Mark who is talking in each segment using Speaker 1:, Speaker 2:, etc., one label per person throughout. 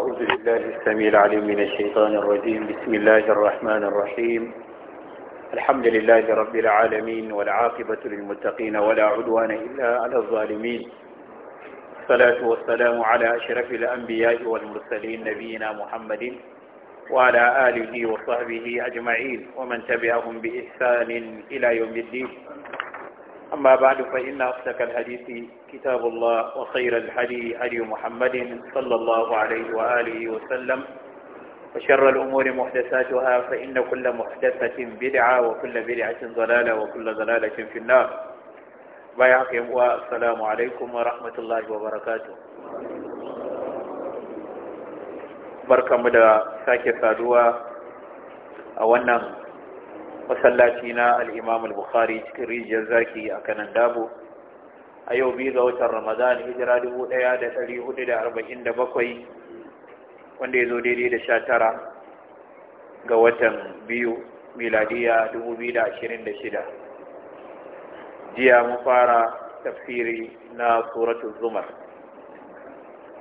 Speaker 1: أعوذ بالله السميع العليم من الشيطان الرجيم بسم الله الرحمن الرحيم الحمد لله رب العالمين والعاقبة للمتقين ولا عدوان إلا على الظالمين الصلاة والسلام على أشرف الأنبياء والمرسلين نبينا محمد وعلى آله وصحبه أجمعين ومن تبعهم بإحسان إلى يوم الدين أما بعد فإن أصدق الحديث كتاب الله وخير الحدي هدي محمد صلى الله عليه وآله وسلم وشر الأمور محدثاتها فإن كل محدثة بدعة وكل بدعة ضلالة وكل ضلالة في النار بيعكم والسلام عليكم ورحمة الله وبركاته بركة مدى ساكي فادوا أولا masallaci na al'imam al-bukhari cikin rijiyar zaki a kanan dabo a yau biyu ga watan ramadan hijira 1447 wanda ya zo daidai da sha ga watan biyu miladiya 2026 jiya mu fara tafsiri na suratul zumar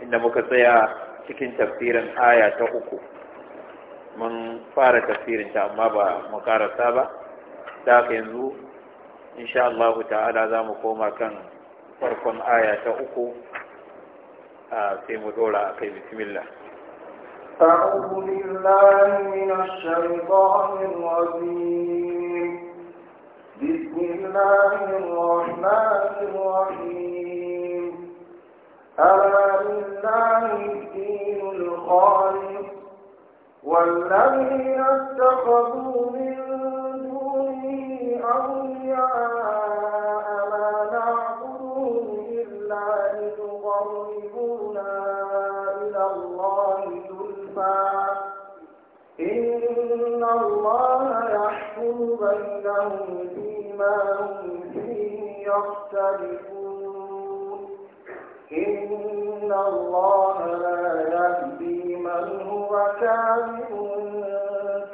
Speaker 1: inda muka tsaya cikin tafsirin aya ta uku mun fara tafsirin ta amma ba mu karasa ba da haka yanzu insha Allah ta'ala za mu koma kan farkon aya ta uku sai mu dora kai bismillah
Speaker 2: أعوذ بالله من الشيطان الرجيم بسم الله الرحمن الرحيم ألم والذين اتخذوا من دونه أولياء ما نعبدهم إلا ليقربونا إلى الله زلفى إن الله يحكم بينهم فيما هم فيه يختلفون إن الله لا يهدي من هو كاذب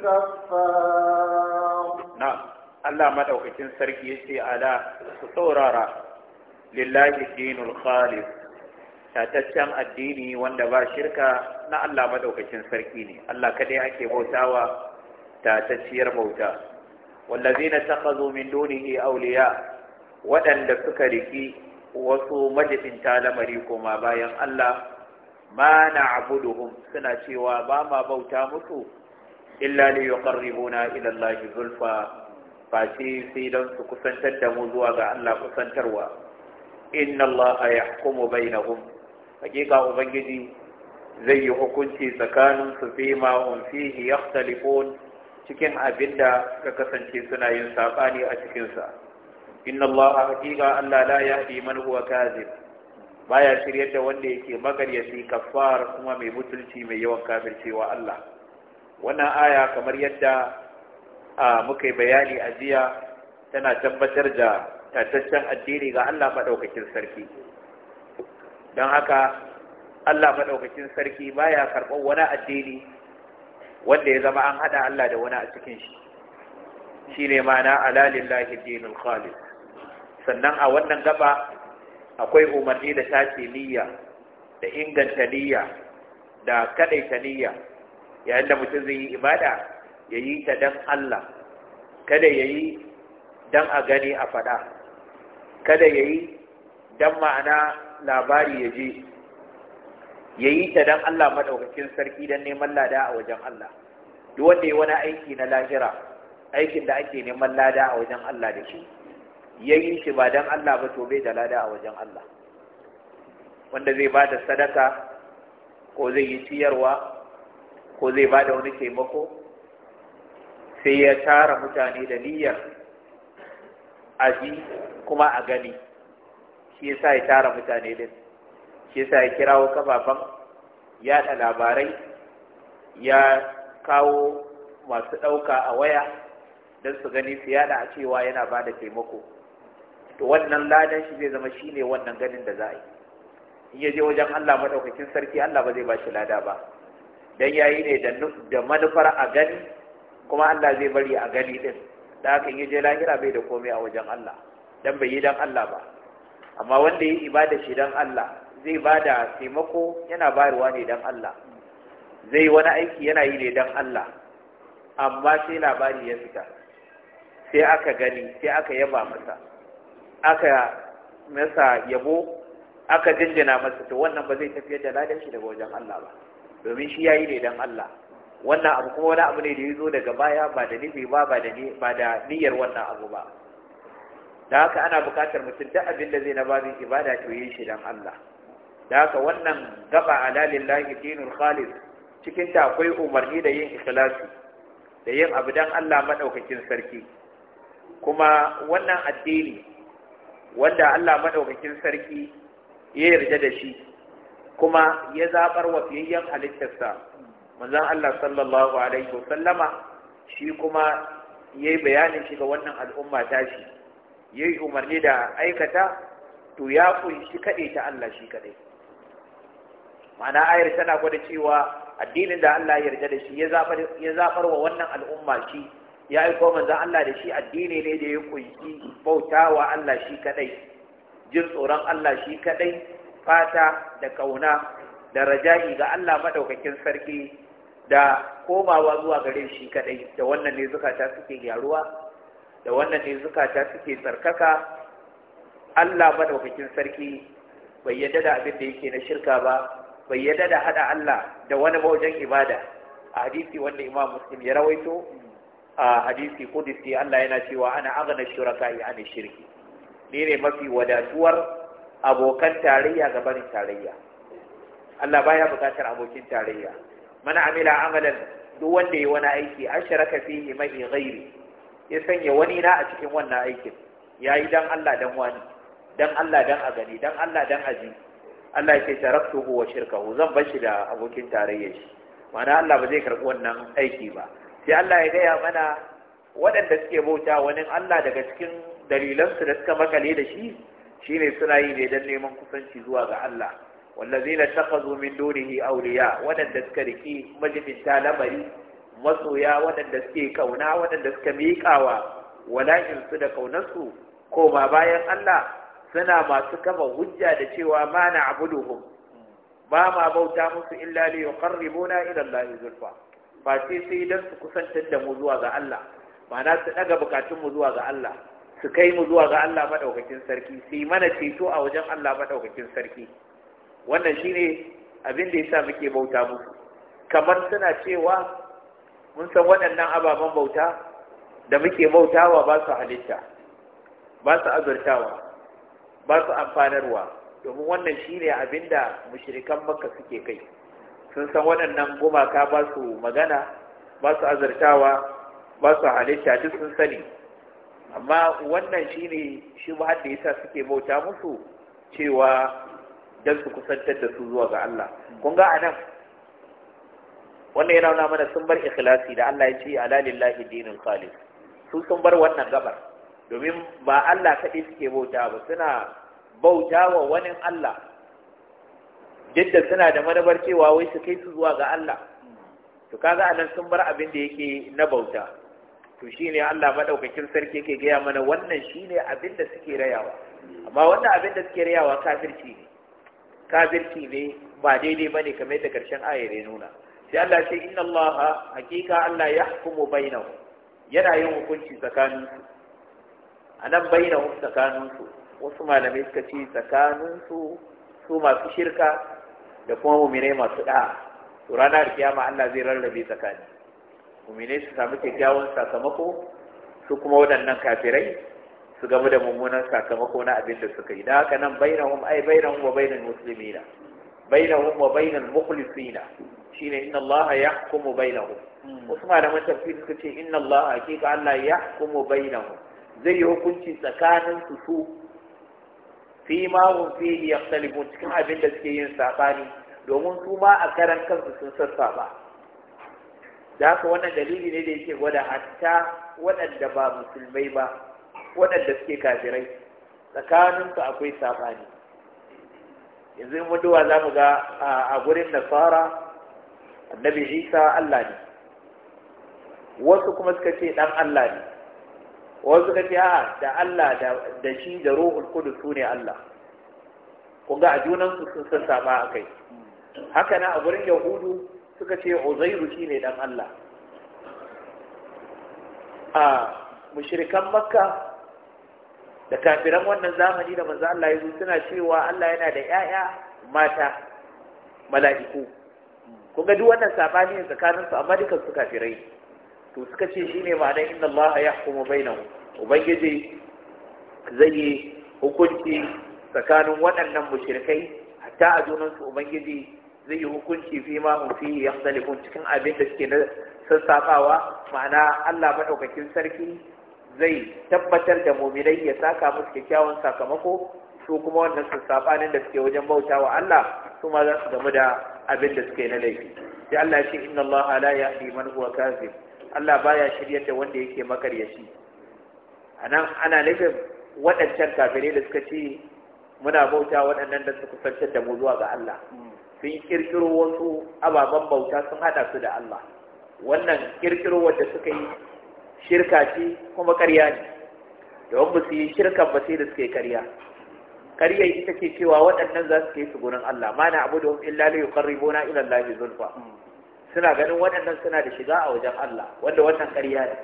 Speaker 2: كفار
Speaker 1: نعم الله ما دوكتين سركي يسي على سطورارا لله الدين الخالص tataccen addini wanda ba shirka na Allah madaukakin sarki ne Allah kadai ake bautawa tatacciyar bauta wallazina takhazu min dunihi awliya waɗanda suka riki wasu majibinta lamari koma bayan Allah ma na'buduhum suna cewa ba ma bauta musu illa li yuqarribuna huna, Allah zulfa fa sai dan su kusantar da mu zuwa ga Allah kusantarwa inna Allah na bainahum hakika ubangiji zai yi hukunci tsakanin su fi ma hum fihi yakhtalifun cikin abinda ka kasance suna yin ne a cikinsa. inna Allah hakika Allah la yahdi man huwa kadhib baya shiryar da wanda yake magaryaci kafar kuma mai mutunci mai yawan kafircewa Allah wannan aya kamar yadda muka bayani a jiya tana tabbatar da tataccen addini ga Allah madaukakin sarki don haka Allah madaukakin sarki baya karɓar wani addini wanda ya zama an hada Allah da wani a cikin shi shine ma'ana alalillahi dinul khalis sannan a wannan gaba akwai umarni da tace niyya da inganta niyya da kadaita niyya yayin da mutum zai yi ibada ya yi ta dan Allah kada ya yi dan a gani a faɗa kada ya yi dan ma'ana labari ya je ya yi ta dan Allah maɗaukakin sarki don neman lada a wajen Allah duk wanda ya wani aiki na lahira aikin da ake neman lada a wajen Allah da shi ya yi shi ba don Allah ba to bai da lada a wajen Allah wanda zai ba da sadaka ko zai yi ciyarwa ko zai ba da wani taimako sai ya tara mutane da niyyar a ji kuma a gani shi yasa ya tara mutane din shi yasa ya kirawo kafafen yada labarai ya kawo masu ɗauka a waya don su gani su yada a cewa yana ba da taimako to wannan ladan shi zai zama shine wannan ganin da za a yi in ya je wajen Allah madaukakin sarki Allah ba zai ba shi lada ba dan yayi ne da da manufar a gani kuma Allah zai bari a gani din da haka in ya je lahira bai da komai a wajen Allah dan bai yi dan Allah ba amma wanda yi ibada shi dan Allah zai bada taimako yana bayarwa ne dan Allah zai wani aiki yana yi ne dan Allah amma sai labari ya fita sai aka gani sai aka yaba masa aka masa yabo aka jinjina masa to wannan ba zai tafiyar da ladan shi daga wajen Allah ba domin shi yayi ne dan Allah wannan abu kuma wani abu ne da yazo daga baya ba da nufi ba ba da ba da niyyar wannan abu ba da haka ana bukatar mutum da abin da zai na babin ibada to yi shi dan Allah da haka wannan gaba alalillahi dinul khalis cikin ta akwai umarni da yin ikhlasi da yin abu dan Allah madaukakin sarki kuma wannan addini wanda Allah maɗaukakin sarki ya yarda da shi kuma ya zabar wa fiyayyen halittarsa manzon Allah sallallahu alaihi Sallama, shi kuma yayi bayanin shi ga wannan al'umma tashi yi umarni da aikata to ya kunshi kade ta Allah shi kadai ma'ana ayar tana gwada cewa addinin da Allah ya yarda da shi ya zabar wa wannan al'umma shi ya aiko manzan Allah da shi addini ne da ya kunshi bautawa Allah shi kadai jin tsoron Allah shi kadai fata da kauna da raja'i ga Allah madaukakin sarki da komawa zuwa gare shi kadai da wannan ne zukata suke gyaruwa da wannan ne zukata suke tsarkaka Allah madaukakin sarki bai yadda da abin da yake na shirka ba bai yadda da hada Allah da wani wajen ibada a hadisi wanda Imam Muslim ya rawaito a hadisi sai Allah yana cewa ana agana shuraka ya ne shirki ni ne mafi wadatuwar abokan tarayya ga barin tarayya Allah baya bukatar abokin tarayya mana amila amalan duk wanda ya wani aiki an sharaka fihi mai ghairi ya sanya wani na a cikin wannan aikin yayi dan Allah dan wani dan Allah dan a gani dan Allah dan aji Allah yake taraktuhu wa shirkahu zan bar shi da abokin tarayyar shi ma'ana Allah ba zai karbi wannan aiki ba sai Allah ya gaya mana waɗanda suke bauta wani Allah daga cikin dalilansu da suka makale da shi shine suna yi ne don neman kusanci zuwa ga Allah na takhazu zomin dunihi awliya waɗanda suka rike majibinta lamari masoya waɗanda suke kauna waɗanda suka miƙawa wala'insu da kaunarsu ko ma bayan Allah suna masu kafa hujja da cewa ma na abuduhum ba ma bauta musu illa li yuqarribuna ila zurfa ba sai sai dan su kusantar da mu zuwa ga Allah na su ɗaga bukatun mu zuwa ga Allah su kai mu zuwa ga Allah maɗaukakin sarki su yi mana ceto a wajen Allah maɗaukakin sarki wannan shi ne abin da ya sa muke bauta musu kamar suna cewa mun san waɗannan ababen bauta da muke bautawa ba su halitta ba su azurtawa ba su amfanarwa domin wannan shi shine abinda mashirikan makka suke kai sun san waɗannan gumaka ba su magana ba su azartawa ba su halitta duk sun sani amma wannan shi ne shi ba da yasa suke bauta musu cewa don su kusantar da su zuwa ga Allah kun ga anan wannan yana nuna mana sun bar ikhlasi da Allah ya ce alalillahi dinin dinul khalis su sun bar wannan gabar domin ba Allah kaɗai suke bauta ba suna bauta wa wani Allah duk suna da manabar cewa wai su kai su zuwa ga Allah to kaga anan sun bar abin da yake na bauta to shine Allah madaukakin sarki yake gaya mana wannan shine abin da suke rayawa amma wannan abin da suke rayawa kafirci ne kafirci ne ba daidai bane kamar da karshen ayar ya nuna sai Allah ce inna Allah hakika Allah ya hukumu bainahu yana yin hukunci tsakaninsu anan bainahu tsakaninsu wasu malamai suka ce tsakaninsu su masu shirka da kuma mu'minai masu da'a to ranar kiyama Allah zai rarrabe tsakani mu'minai su samu kyakkyawan sakamako su kuma waɗannan kafirai su gamu da mummunan sakamako na abin da suka yi da haka nan bainahum ay bainahum wa bainal muslimina bainahum wa bainal mukhlisina shine inna Allah yahkumu bainahum hmm. Usman da matafsir suka ce inna Allah hakika Allah yahkumu bainahum zai yi hukunci tsakanin su su fi ma a fihi yakhtalifu cikin abin da suke yin saɓani domin su ma a karan kansu sun sassaɓa. da haka wannan dalili ne da yake gwada hatta waɗanda ba musulmai ba waɗanda suke kafirai su akwai saɓani yanzu in muduwa za mu ga a gurin nasara annabi isa allah ne wasu kuma suka ce ɗan allah ne wasu ka ce a da Allah da shi da ruhul kudu su ne Allah kun ga a junan su sun san saba a kai haka na a gurin yahudu suka ce uzairu shi ne dan Allah a mushrikan makka da kafiran wannan zamani da manzo Allah ya zo suna cewa Allah yana da ƴaƴa mata mala'iku kun duk wannan sabani tsakaninsu amma dukan su kafirai to suka ce shine ma'ana inna Allah ya hukuma bainahu ubangiji zai yi hukunci tsakanin waɗannan mushrikai hatta a junansu ubangiji zai yi hukunci fi ma hum fi cikin abin da suke na sassafawa ma'ana Allah madaukakin sarki zai tabbatar da mu'minai ya saka musu kyakkyawan sakamako su kuma wannan sassafanin da suke wajen bauta wa Allah su ma za su gamu da abin da suke na laifi sai Allah ya ce inna Allah la yahdi man huwa Allah baya shiryar da wanda yake makaryaci anan ana nufin waɗancan kafirai da suka ce muna bauta waɗannan da suka kusantar da mu zuwa ga Allah sun kirkiro wasu ababen bauta sun hada su da Allah wannan kirkiro wanda suka yi shirka ce kuma ƙarya ne Da wani su yi shirka ba sai da suka yi ƙarya ƙarya ita ce cewa waɗannan za su kai su gurin Allah ma na abu da wani illa la yuqarribuna ilan Allah zulfa suna ganin waɗannan suna da shiga a wajen Allah wanda wannan ƙarya ne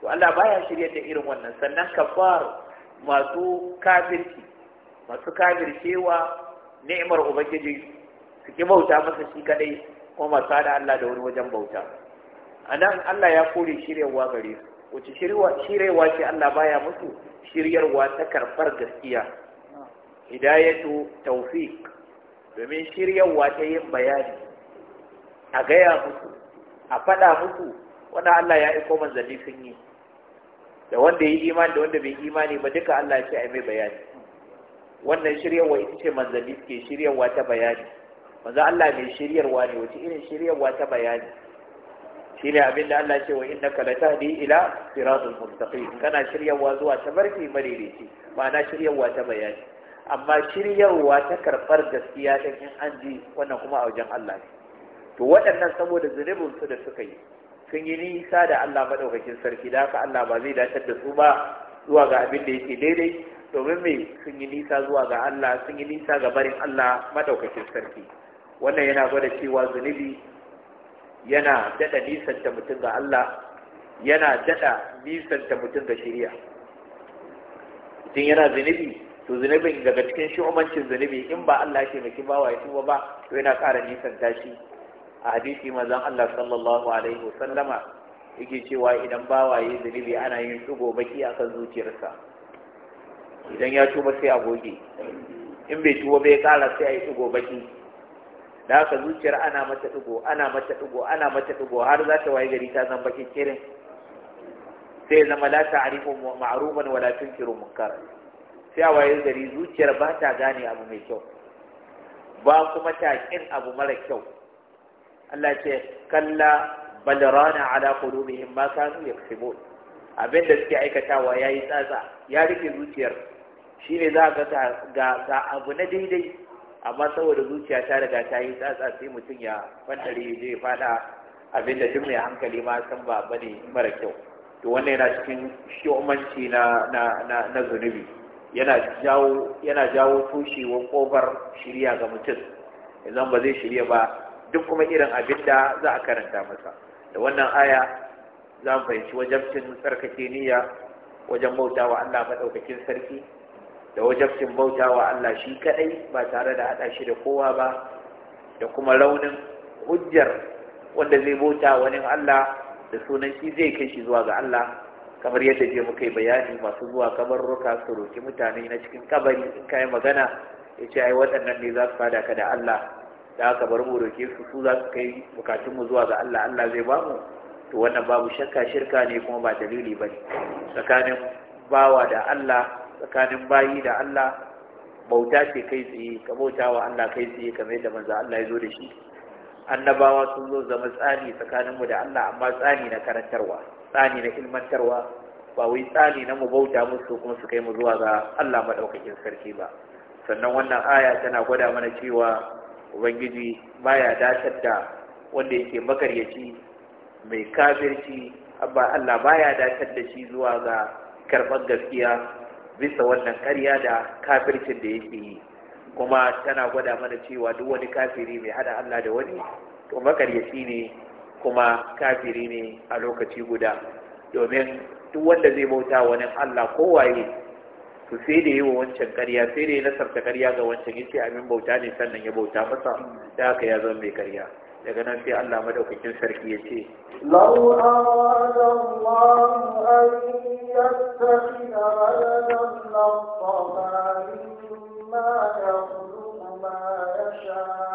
Speaker 1: to Allah baya shirye da irin wannan sannan kafar masu kafirci masu kafircewa ni'imar ubangiji su ki bauta masa shi kadai ko masu hada Allah da wani wajen bauta anan Allah ya kore shiryarwa gare su wace shiryarwa ce Allah baya musu shiryarwa ta karɓar gaskiya hidayatu tawfiq domin shiryarwa ta yin bayani a gaya muku, a faɗa muku, wanda Allah ya aiko manzanni sun yi da wanda ya yi imani da wanda bai imani ba duka Allah ya ce a mai bayani wannan shiryarwa ita ce manzanni suke shiryarwa ta bayani manzo Allah mai shiryarwa ne wace irin shiryarwa ta bayani ne abin da Allah ce wa innaka latahdi ila siratul mustaqim kana shiryarwa zuwa barke madaidaici ma'ana shiryarwa ta bayani amma shiryarwa ta karɓar gaskiya ɗin in an ji wannan kuma a wajen Allah ne to waɗannan saboda zunubinsu da suka yi sun yi nisa da Allah maɗaukakin sarki da haka Allah ba zai dace da su ba zuwa ga abin da yake daidai domin mai sun yi nisa zuwa ga Allah sun yi nisa ga barin Allah maɗaukakin sarki wannan yana gwada cewa zunubi yana daɗa nisanta mutum ga Allah yana daɗa nisanta mutum ga shari'a Idan yana zunubi to zunubin daga cikin shi'umancin zunubi in ba Allah shi mai bawa ya tuba ba to yana ƙara nisanta shi a hadisi mazan Allah sallallahu alaihi wasallama yake cewa idan bawaye zunubi ana yin tsugo baki kan zuciyarsa idan ya tuba sai a goge in bai tuba bai kara sai a yi tsugo baki da haka zuciyar ana mata tsugo ana mata tsugo ana mata tsugo har za ta waye gari ta zan bakin kirin sai zama la ta'rifu ma'ruban wala tunkiru munkar sai a waye gari zuciyar ba ta gane abu mai kyau ba kuma ta kin abu mara kyau Allah ce kalla bal rana ala qulubihim ma kanu yaksubun abin da suke aikatawa yayi tsatsa ya rike zuciyar Shi ne za ga ga ga abu na daidai amma saboda zuciya ta riga ta yi tsatsa sai mutum ya fantare ya je ya fada abin da duk mai hankali ma san ba bane mara kyau to wannan yana cikin shiumanci na na na, na zunubi yana jawo yana jawo tushewar kofar shirya ga mutum idan ba zai shirya ba duk kuma irin abin da za a karanta masa da wannan aya za mu fahimci wajabcin tsarkake niyya wajen bauta wa Allah maɗaukakin sarki da wajabcin bauta wa Allah shi kaɗai ba tare da haɗa shi da kowa ba da kuma raunin hujjar wanda zai bauta wani Allah da sunan shi zai kai shi zuwa ga Allah kamar yadda je muka yi bayani masu zuwa kabarruka su roki mutane na cikin kabari in kayi magana ya ce ai waɗannan ne za su fada ka da Allah da aka bar mu roke su su za su kai bukatun mu zuwa ga Allah Allah zai ba mu to wannan babu shakka shirka ne kuma ba dalili bane tsakanin bawa da Allah tsakanin bayi da Allah bauta ce kai tsaye ka bauta wa Allah kai tsaye kamar yadda manzo Allah ya zo da shi annabawa sun zo zama tsani tsakanin da Allah amma tsani na karantarwa tsani na ilmantarwa ba wai tsani na mu bauta musu kuma su kai mu zuwa ga Allah madaukakin sarki ba sannan wannan aya tana gwada mana cewa ubangiji baya datar da wanda yake makaryaci mai kafirci amma Allah baya datar da shi zuwa ga karɓar gaskiya bisa wannan karya da kafircin da yake yi kuma tana gwada mana cewa duk wani kafiri mai hada Allah da wani to makaryaci ne kuma kafiri ne a lokaci guda domin duk wanda zai bauta wani Allah kowaye to sai da yi wa wancan karya sai da ya nasarta karya ga wancan yake amin bauta ne sannan ya bauta masa da haka ya zama mai karya daga nan sai Allah madaukakin sarki ya ce
Speaker 2: law arada Allah an ma yasha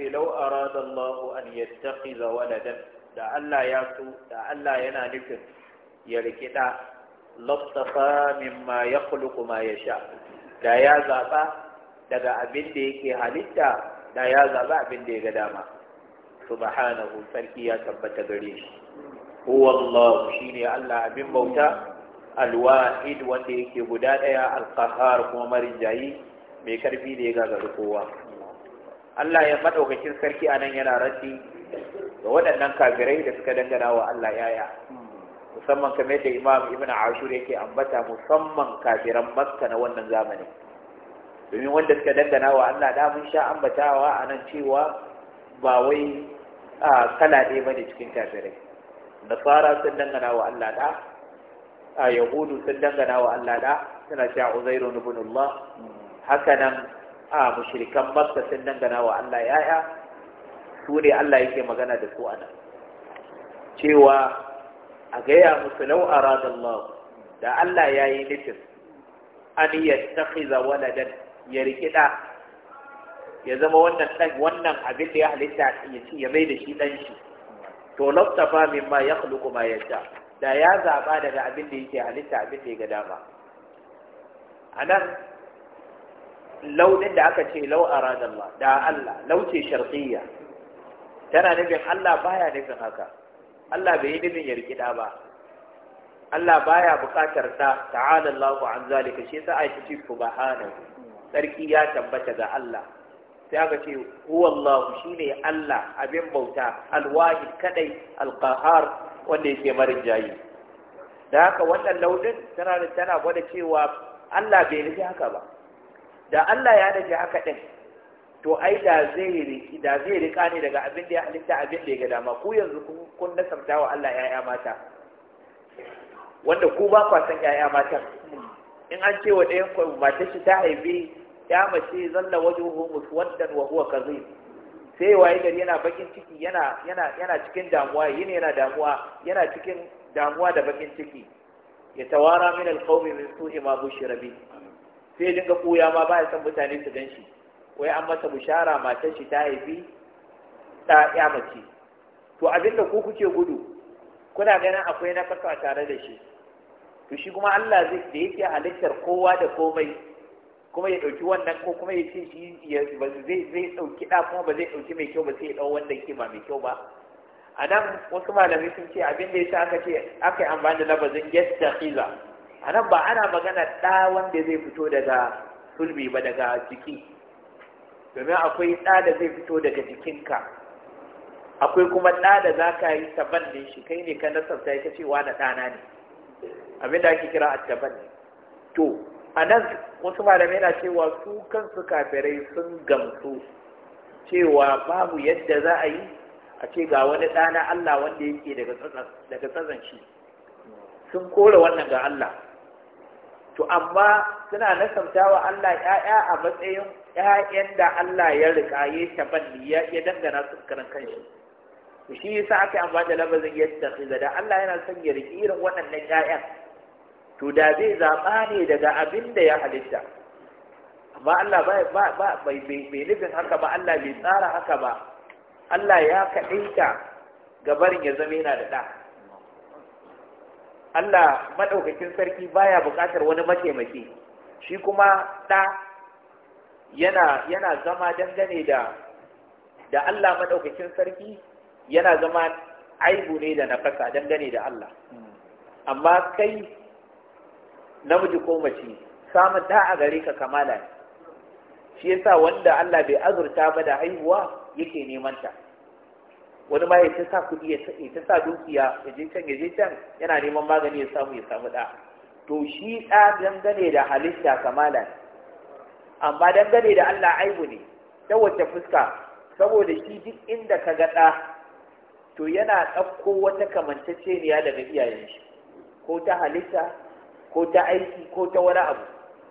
Speaker 1: ce lau arada an yattakhiza waladan da Allah ya so da Allah yana nufin ya rikida lafsafa mimma yakhluqu ma yasha da ya zaba daga abin da yake halitta da ya zaba abin da ya ga dama subhanahu sarki ya tabbata gare shi huwa Allah shine Allah abin bauta alwahid wanda yake guda daya alqahar kuma marinjayi mai karfi da ga gagari kowa Allah ya maɗaukakin sarki a nan yana rashi ga waɗannan kafirai da suka dangana wa Allah yaya musamman kamar yadda imam ibn ashur yake ambata musamman kafiran makka na wannan zamani domin wanda suka dangana wa Allah da mun sha ambatawa a nan cewa ba wai kala ɗaya bane cikin kafirai nasara sun dangana wa Allah da a yahudu sun dangana wa Allah da suna cewa uzairu ibn Allah haka nan a mushrikan makka sun dangana wa Allah yaya su ne Allah yake magana da su ana cewa a gaya musu lau a Allah da Allah ya yi nufin an takhiza waladan ya rikida ya zama wannan wannan abin da ya halitta ya ci ya mai da shi dan shi to laftafa fa min ma yasha da ya zaba daga abin da yake halitta abin da ya ga dama anan launin da aka ce lau a da Allah ce Sharqiyya. tana nufin Allah baya nufin haka Allah bai yi nufin yarkida ba Allah baya bukatar ta ta'ala Allahu an zalika shi yasa ayi ce sarki ya tabbata ga Allah sai aka ce huwa shi shine Allah abin bauta alwahid kadai alqahar wanda yake marin jayi da haka wannan launin tana tana gwada cewa Allah bai nufi haka ba da Allah ya dace haka din to ai da zai riki da zai rika ne daga abin da ya halitta abin da ya ga dama ku yanzu kun samta wa Allah ya'ya mata wanda ku ba kwa san ya'ya mata in an ce wa ɗayan ku mata shi ta haifi ya mace zalla wajuhu muswaddan wa huwa kadhib sai waye gari yana bakin ciki yana yana yana cikin damuwa yini yana damuwa yana cikin damuwa da bakin ciki ya tawara min alqawmi min su'i ma bushira sai ya dinga koya ma ba ya san mutane su gan shi wai an masa bushara matar shi ta haifi ta ya mace to abin da ku kuke gudu kuna ganin akwai na kasa tare da shi to shi kuma Allah zai da yake halittar kowa da komai kuma ya ɗauki wannan ko kuma ya ce shi ba zai zai ɗauki ɗa kuma ba zai ɗauki mai kyau ba sai ya ɗau wanda yake ba mai kyau ba a nan wasu malamai sun ce abin da ya sa aka ce aka yi amfani da labazin yastaqiza a nan ba ana magana ɗa wanda zai fito daga sulbi ba daga jiki domin akwai ɗa da zai fito daga jikinka akwai kuma ɗa da za ka yi taban ne shi kai ne ka nasarta ya ce wani ɗana ne abinda ake kira a taban ne to a nan wasu malamai na cewa su kansu kafirai sun gamsu cewa babu yadda za a yi a ce ga wani ɗana Allah wanda yake daga tsazan shi sun kore wannan ga Allah to amma suna nasanta wa Allah ‘ya'ya a matsayin ‘ya'yan da Allah ya riƙa ya taballi ya dangana su karan kanshi to shi yasa aka yi amma da ya yadda da Allah yana son ya riki irin waɗannan ‘ya'yan to da zai zaɓa ne daga abin da ya halitta amma Allah ba ba bai nufin haka ba Allah bai tsara haka ba Allah ya kaɗaita gabarin ya zama yana da ɗa Allah maɗaukakin sarki baya buƙatar wani mataimaki shi kuma ɗa yana yana zama dangane da da Allah maɗaukakin sarki yana zama aibu ne da nafasa dangane da Allah amma kai namiji ko mace samun ɗa a gare ka kamala shi yasa wanda Allah bai azurta ba da haihuwa yake neman ta wani ma ya sa kuɗi ya ta sa dukiya ya je can ya je can yana neman magani ya samu ya samu da. to shi da dangane da halitta kamala amma dangane da Allah aibu ne ta wacce fuska saboda shi duk inda ka ga ɗa to yana ɗauko wata kamanceceniya daga iyayen shi ko ta halitta ko ta aiki ko ta wani abu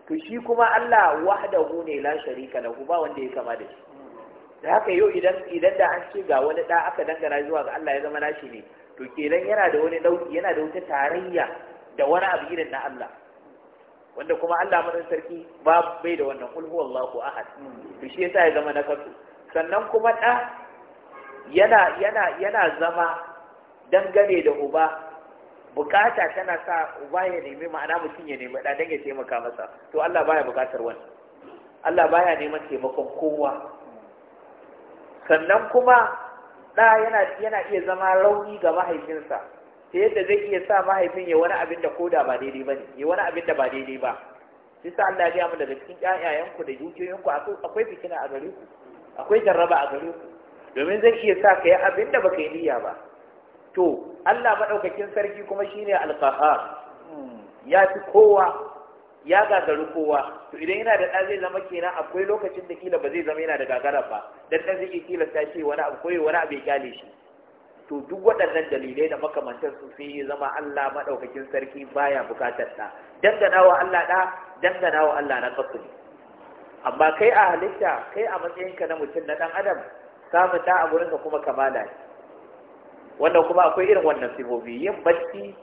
Speaker 1: to shi kuma Allah wahdahu ne la sharika lahu ba wanda ya kama da shi da haka yau idan idan da an ce ga wani da aka dangana zuwa ga Allah ya zama nashi ne to kenan yana da wani dauki yana da wata tarayya da wani abu irin na Allah wanda kuma Allah madan sarki ba bai da wannan kulhu wallahu ahad to shi yasa ya zama na kasu sannan kuma da yana yana yana zama dangane da uba bukata tana sa uba ya nemi ma'ana mutum ya nemi da dan ya taimaka masa to Allah baya bukatar wani Allah baya neman taimakon kowa sannan kuma ɗa yana iya zama rauni ga mahaifinsa ta yadda zai iya sa mahaifin ya wani abin da koda ba daidai ba ne ya wani abin da ba daidai ba shi sa Allah ya mu daga cikin ƴaƴayenku da dukiyoyinku akwai fitina a gare ku akwai jarraba a gare ku domin zai iya sa ka yi abin da baka yi niyya ba to Allah madaukakin sarki kuma shine al-qahhar hmm, ya fi kowa ya gagaru kowa to idan yana da ɗan zai zama kenan akwai lokacin da kila ba zai zama yana da gagara ba dan ɗan zai kila ta ce wani abu koyi wani abu ya kyale shi to duk waɗannan dalilai da makamantar su sai ya zama Allah madaukakin sarki baya bukatar ta, dangana wa Allah da dangana wa Allah na kasu amma kai a halitta kai a matsayinka na mutum na dan adam samun ɗa a gurinka kuma kamala ne wannan kuma akwai irin wannan sifofi yin bacci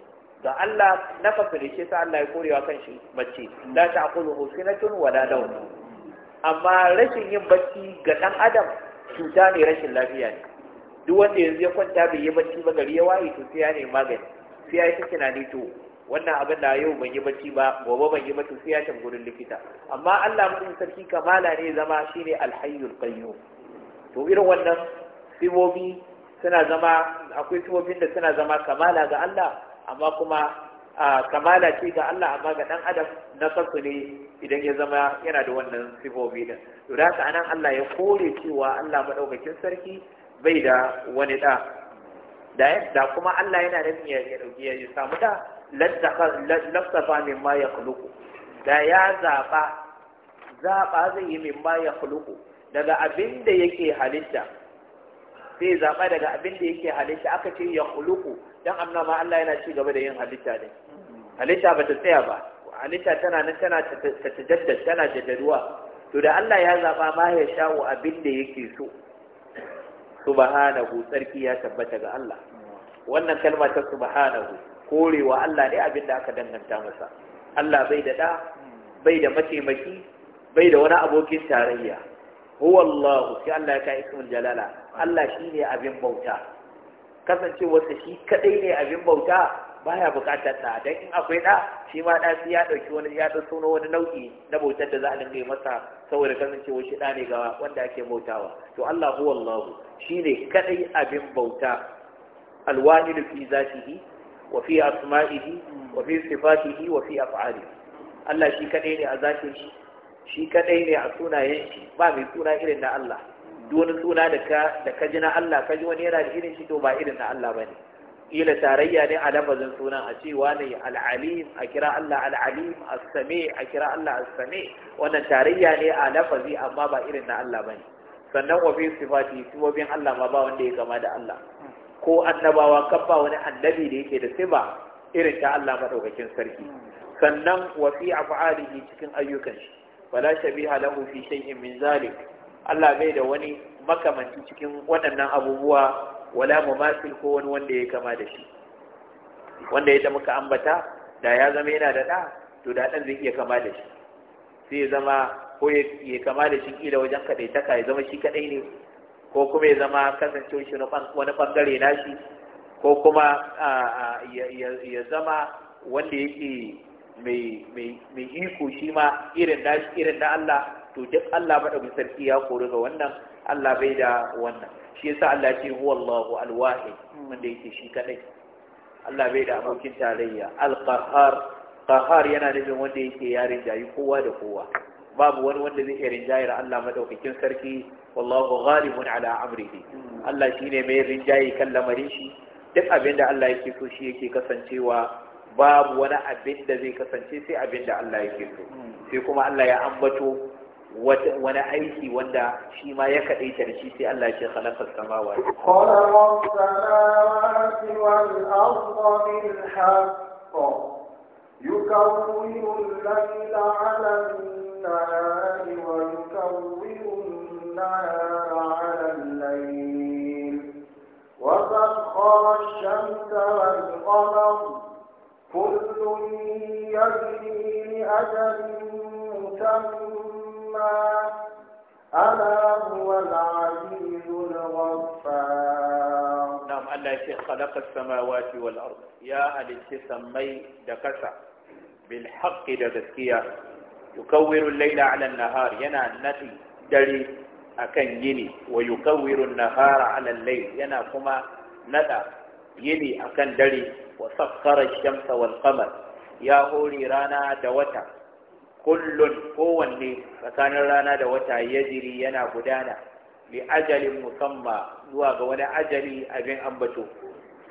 Speaker 1: ga Allah na shi sai Allah ya korewa kan shi bacci la ta'quluhu sinatun wala nawm amma rashin yin bacci ga dan adam cuta ne rashin lafiya ne duk wanda yanzu ya kwanta bai yi bacci ba gari ya waye to sai ya nemi magani sai ya yi tunani to wannan abin da yau ban yi bacci ba gobe ban yi ba to sai ya tafi gurin likita amma Allah mutum sarki kamala ne zama shine alhayyul qayyum to irin wannan sibobi suna zama akwai sibobin da suna zama kamala ga Allah amma kuma kamala ce ga Allah amma ga dan adam na kansu ne idan ya zama yana da wannan sifofi din to da haka anan Allah ya kore cewa Allah madaukakin sarki bai da wani da da kuma Allah yana da ya dauki ya samu da lafsafa min ma ya kuluku da ya zaɓa zaɓa zai yi min ma ya kuluku daga abin da yake halitta sai zaɓa daga abin da yake halitta aka ce ya kuluku dan amma ma Allah yana ci gaba da yin halitta ne halitta ba ta tsaya ba halitta tana nan tana ta tajaddad tana jaddaduwa to da Allah ya zaba ma ya abinda abin da yake so subhanahu Sarki ya tabbata ga Allah wannan kalma ta subhanahu korewa Allah ne abin da aka danganta masa Allah bai da ɗa bai da mataimaki bai da wani abokin tarayya huwa Allah sai Allah ya kai ismul jalala Allah shine abin bauta kasancewarsa shi kadai ne abin bauta baya bukatar da, don in akwai da shi ma da ya ɗauki wani ya ɗauki suno wani nau'i na bautar da za a dinga masa saboda kasancewar shi ɗa ne ga wanda ake bautawa to Allah huwa Allah ne kadai abin bauta alwahidu fi zatihi wa fi asma'ihi wa fi sifatihi wa fi af'ali Allah shi kadai ne a zatin shi shi kadai ne a sunayen shi ba mai suna irin na Allah duk wani suna da ka ji na Allah ka ji wani yana da irin shi to ba irin na Allah ne. ila tarayya ne a lafazin sunan a ce wani al a kira Allah Al'al'im a same, a kira Allah a same. wannan tarayya ne a lafazi amma ba irin na Allah ne. sannan wa fi sifati Allah ma ba wanda ya kama da Allah ko annabawa kan ba wani annabi da yake da siba irin ta Allah madaukakin sarki sannan wafi a af'alihi cikin ayyukan shi wala shabiha lahu fi shay'in min zalik Allah bai da wani makamanci cikin waɗannan abubuwa wala mumasil ko wani wanda ya kama da shi wanda ya muka ambata da ya zama yana da ɗa to da ɗan zai iya kama da shi sai ya zama ko ya kama da shi kila wajen kaɗaitaka ya zama shi kaɗai ne ko kuma ya zama kasancewa shi wani ɓangare na shi ko kuma ya zama wanda yake mai iko shi ma irin da Allah to duk Allah madaukakin sarki ya kori ga wannan Allah bai da wannan shi yasa Allah ce huwallahu alwahid wanda yake shi kadai Allah bai da abokin tarayya alqahar qahar yana da nufin wanda yake yarin jayi kowa da kowa babu wani wanda zai iya rinjayar Allah madaukakin sarki wallahu ghalibun ala amrihi Allah shine mai rinjaye kan lamarin shi duk abinda Allah yake so shi yake kasancewa babu wani abin da zai kasance sai abin da Allah yake so sai kuma Allah ya ambato wani aiki wanda shi ma ya kaɗai ta da shi sai Allah shi khalaqa samawa khalaqa
Speaker 2: samawati wal arda bil haqq yukawwiru al-layla 'ala an-nahari wa yukawwiru an-nahara 'ala al-layl wa sakhkhara ash-shamsa wal qamara kullun yajri li ajalin musamman الحكمة ألا هو العزيز
Speaker 1: الغفار نعم الله يشيخ خلق السماوات والأرض يا أهل السمي دكسع بالحق دكسكية يكور الليل على النهار ينا النفي دري أكن يني ويكور النهار على الليل ينا كما ندى يني أكن دري وسخر الشمس والقمر ya hori rana da wata kullun kowanne tsakanin rana da wata yajiri yana gudana li ajalin musamma zuwa ga wani ajali abin ambato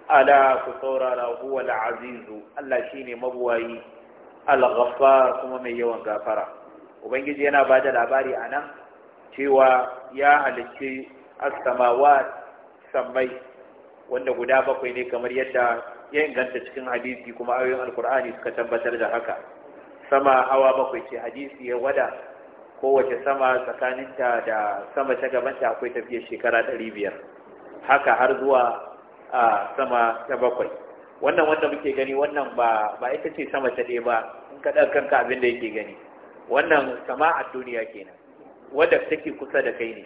Speaker 1: ala ku saurara huwa al-azizu Allah shine mabuwayi al-ghaffar kuma mai yawan gafara ubangiji yana ba da labari a nan. cewa ya halicci as samai wanda guda bakwai ne kamar yadda ya inganta cikin hadisi kuma ayoyin alkur'ani suka tabbatar da haka sama hawa bakwai ce hadisi ya wada kowace sama tsakaninta da sama ta gabanta akwai tafiyar shekara ɗari biyar haka har zuwa a sama ta bakwai wannan wanda muke gani wannan ba ita ce sama ta ɗaya ba in ka ɗan kanka abin da yake gani wannan sama a duniya kenan wadda take kusa da kai ne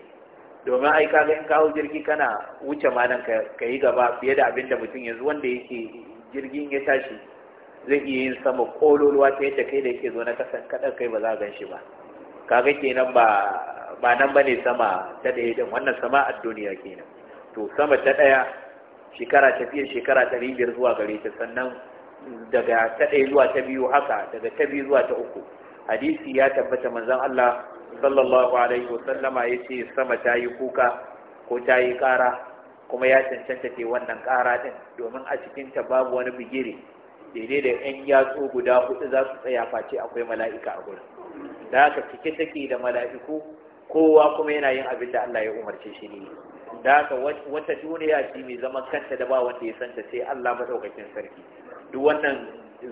Speaker 1: domin ai kaga in kawo jirgi kana wuce ma nan ka yi gaba fiye da abin da mutum yanzu wanda yake jirgin ya tashi zai iya yin sama kololuwa ta yadda kai da yake zo na kasan kaɗan kai ba za gan shi ba kaga kenan ba ba nan bane sama ta ɗaya din wannan sama a duniya kenan to sama ta ɗaya shekara ta tafiyar shekara ɗari biyar zuwa gare ta sannan daga ta ɗaya zuwa ta biyu haka daga ta biyu zuwa ta uku hadisi ya tabbata manzon Allah sallallahu alaihi wasallama ya ce sama ta yi kuka ko ta yi ƙara kuma ya cancanta ce wannan ƙara din, domin a cikin ta babu wani bigire daidai da yan yatsu guda hudu za su tsaya face akwai mala'ika a gurin da haka cike take da mala'iku kowa kuma yana yin abin da Allah ya umarce shi ne da haka wata duniya ce mai zaman kanta da ba wanda ya santa sai Allah madaukakin sarki duk wannan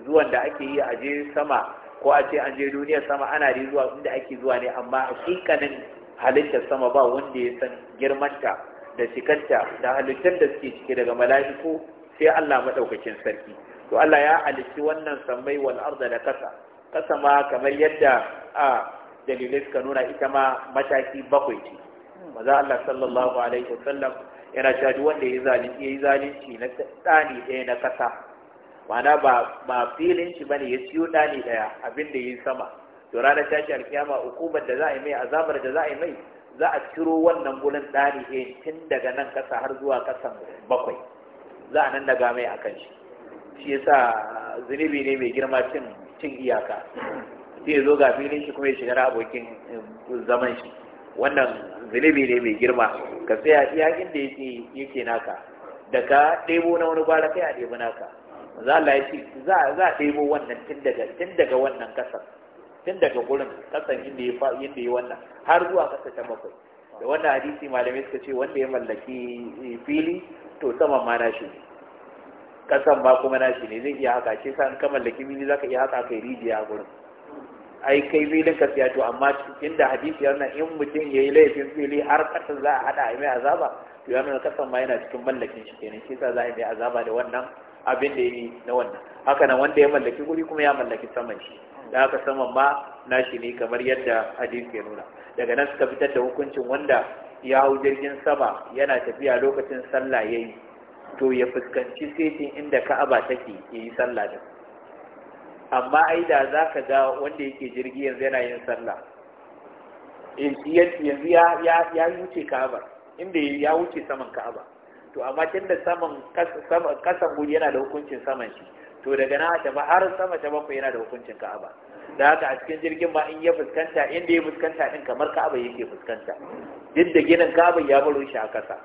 Speaker 1: zuwan da ake yi a je sama ko a ce an je duniyar sama ana da zuwa inda ake zuwa ne amma hakikanin halittar sama ba wanda ya san girmanta da cikanta da halittar da suke cike daga mala'iku sai Allah madaukakin sarki to Allah ya halitti wannan samai wal arda da kasa kasa ma kamar yadda a dalilai suka nuna ita ma mataki bakwai ce maza Allah sallallahu alaihi wasallam yana cewa duk wanda ya zalunci yayi zalunci na tsani ɗaya na kasa ma'ana ba ba filin shi bane ya siyo ɗani ɗaya abin da yayi sama to ranar tashi alkiyama hukumar da za a yi mai azabar da za a yi mai za a ciro wannan gurin ɗani ɗaya tun daga nan kasa har zuwa kasan bakwai za a nan daga mai akan shi shi yasa zunubi ne mai girma cin cin iyaka sai ya zo ga filin shi kuma ya shiga abokin eh, zaman shi wannan zunubi ne mai girma ka tsaya iya inda yake yake naka da ka ɗebo na wani gwara kai a ɗebo naka za a laifi za a ɗebo wannan tun daga tun daga wannan kasar tun daga gurin kasar inda ya inda ya wannan har zuwa kasar ta bakwai da wannan hadisi malamai suka ce wanda ya mallaki eh, fili to saman ma na shi kasan ba kuma nashi ne zai iya haka shi san ka mallaki fili zaka iya haka kai rijiya a gurin ai kai filin ka siya to amma inda hadisi yana in mutum yayi laifin fili har kasan za a hada a mai azaba to yana da kasan ma yana cikin mallakin shi kenan shi sa za a mai azaba da wannan abin da yayi na wannan haka nan wanda ya mallaki guri kuma ya mallaki saman shi da haka saman ma nashi ne kamar yadda hadisi ya nuna daga nan suka fitar da hukuncin wanda ya hau jirgin sama yana tafiya lokacin sallah yayi to ya fuskanci setin inda ka'aba take ya yi sallah din amma ai da za ka ga wanda yake jirgi yanzu yana yin sallah yanzu ya wuce ka'aba inda ya wuce saman ka'aba to amma tun da saman kasan guri yana da hukuncin saman shi to daga na ta ba har sama ta bakwai yana da hukuncin ka'aba da haka a cikin jirgin ma in ya fuskanta inda ya fuskanta din kamar ka'aba yake fuskanta duk da ginin ka'aba ya baro shi a kasa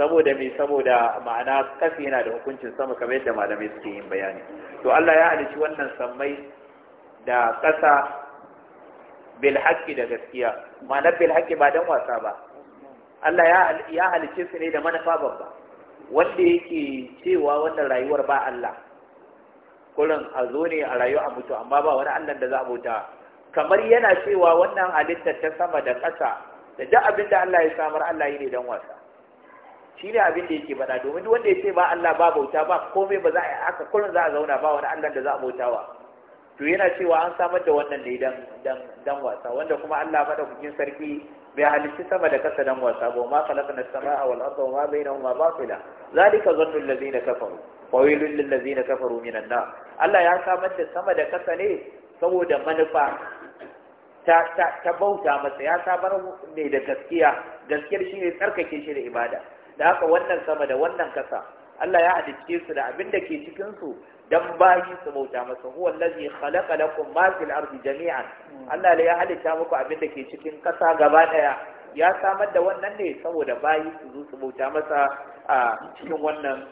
Speaker 1: saboda mai saboda ma'ana kafi yana da hukuncin sama kamar yadda malamai suke yin bayani to Allah ya halici wannan sammai da ƙasa bil haqqi da gaskiya Ma'anar bil haqqi ba dan wasa ba Allah ya ya halice su ne da manufa babba wanda yake cewa wannan rayuwar ba Allah kullun a zo ne a rayu a mutu amma ba wani Allah da za a bauta kamar yana cewa wannan halittar ta sama da ƙasa da duk abin da Allah ya samar Allah yi ne dan wasa shi ne abin da yake faɗa domin duk wanda ya ce ba Allah ba bauta ba komai ba za a yi haka kullum za a zauna ba wani Allah da za a bautawa to yana cewa an samar da wannan ne dan dan dan wasa wanda kuma Allah madaukakin sarki bai halitta sama da kasa dan wasa ba ma khalaqna as samaaa wal arda wa ma bainahuma batila zalika zannu allazina kafaru wa wailul lil ladzina kafaru minan nar Allah ya samar da sama da kasa ne saboda manufa ta ta ta bauta masa ya samar ne da gaskiya gaskiyar shi ne tsarkake shi da ibada da haka wannan sama da wannan kasa Allah ya halicce su da abin da ke cikin su dan bayi su bauta masa huwa allazi khalaqa lakum ma fil ardi jami'an Allah ya halitta muku abin da ke cikin kasa gaba daya ya samar da wannan ne saboda bayi su zo su bauta masa a cikin wannan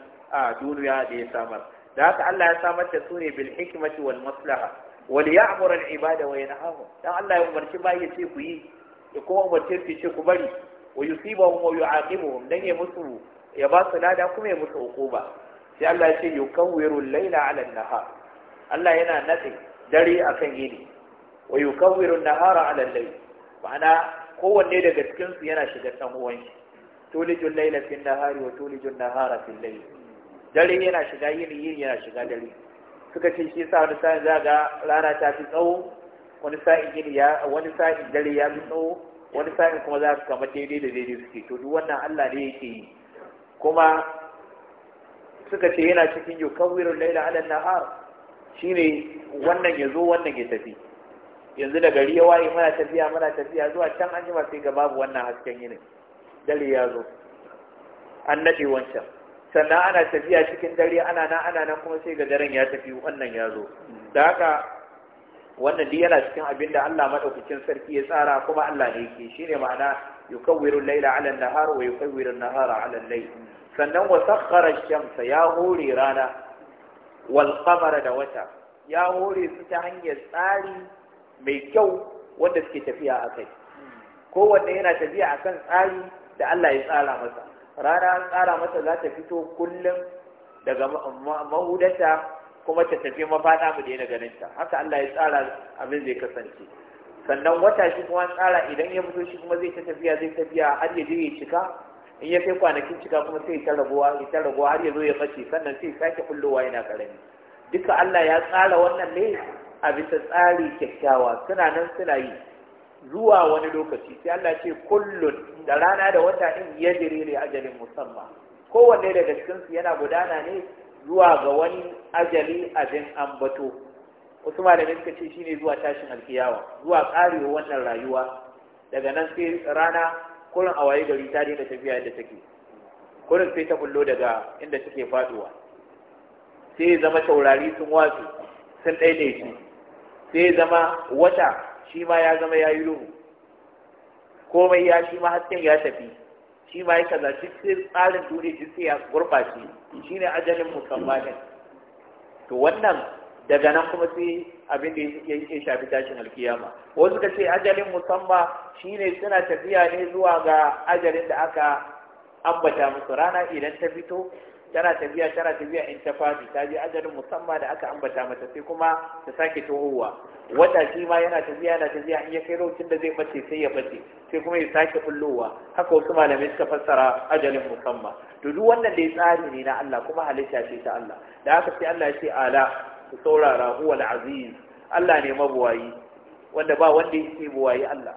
Speaker 1: duniya da ya samar da haka Allah ya samar da su ne bil hikmati wal maslaha wal ya'muru al ibada wa yanhahu dan Allah ya umarci bayi ya ce ku yi ya kuma umarci ku ce ku bari wa yusibahum wa yu'aqibuhum dan ya musu ya ba su lada kuma ya musu uquba sai Allah ya ce yukawwiru al-laila 'ala an-nahar Allah yana natsi dare akan yini wa yukawwiru an-nahara 'ala al-layl ma'ana kowanne daga cikin su yana shiga san uwan shi tulijul laila fil nahari wa tulijul nahara fil layl dare yana shiga yini yini yana shiga dare suka ce shi yasa wani sa'in zaga rana ta fi tsawo wani sa'in yini ya wani sa'in dare ya fi tsawo wani sa'in kuma za su kama daidai da daidai suke to duk wannan Allah ne yake yi kuma suka ce yana cikin yau, yukawwirul laila ala nahar shine wannan ya zo wannan ya tafi yanzu da gari ya waye muna tafiya muna tafiya zuwa can an jima sai ga babu wannan hasken yini dare ya zo an nade wancan sannan ana tafiya cikin dare ana nan ana nan kuma sai ga daren ya tafi wannan ya zo da haka wannan duk yana cikin abin da Allah madaukakin sarki ya tsara kuma Allah ne yake shine ma'ana yukawwiru al-laila 'ala an-nahar wa yukawwiru an-nahara 'ala al-layl sannan wa sakhkhara ash-shamsa ya hore rana wal qamara da wata ya hore su ta hanyar tsari mai kyau wanda suke tafiya akai kowanne yana tafiya akan tsari da Allah ya tsara masa rana an tsara masa za ta fito kullum daga mahudata kuma ta tafi mafana mu daina ganin ta haka Allah ya tsara abin zai kasance sannan wata shi kuma tsara idan ya fito shi kuma zai ta tafiya zai tafiya har ya je ya cika in ya kai kwanakin cika kuma sai ta rabuwa ya ta rabuwa har ya zo ya mace sannan sai sake kullowa yana karami duka Allah ya tsara wannan ne a bisa tsari kyakkyawa suna nan suna yi zuwa wani lokaci sai Allah ce kullun da rana da wata din ya jire ne ajalin musamman kowanne daga cikinsu yana gudana ne zuwa ga wani ajali abin ambato wasu malamai suka ce shine zuwa tashin alkiyawa zuwa karewa wannan rayuwa daga nan sai rana kurin a gari ta daina tafiya yadda take kurin sai ta bullo daga inda take faduwa sai zama taurari sun watsu sun ɗaiɗaitu sai zama wata shi ma ya zama ya yi ruhu komai ya shi ma hasken ya tafi shi ma ya kaza duk sai tsarin duniya shi sai ya gurɓace shi ne ajalin musamman to wannan daga nan kuma sai abin da ya shafi tashin alkiyama wasu ka ce ajalin musamman shi ne suna tafiya ne zuwa ga ajalin da aka ambata musu rana idan ta fito tana tafiya tana tafiya in ta fadi ta je ajalin musamman da aka ambata mata sai kuma ta sake tohowa wata shi ma yana tafiya yana tafiya in ya kai lokacin da zai bace sai ya bace sai kuma ya sake bullowa haka wasu malamai suka fassara ajalin musamman to duk wannan da ya tsari ne na Allah kuma halitta ce ta Allah da haka sai Allah ya ce ala ku saurara huwa aziz Allah ne mabuwayi wanda ba wanda yake buwayi Allah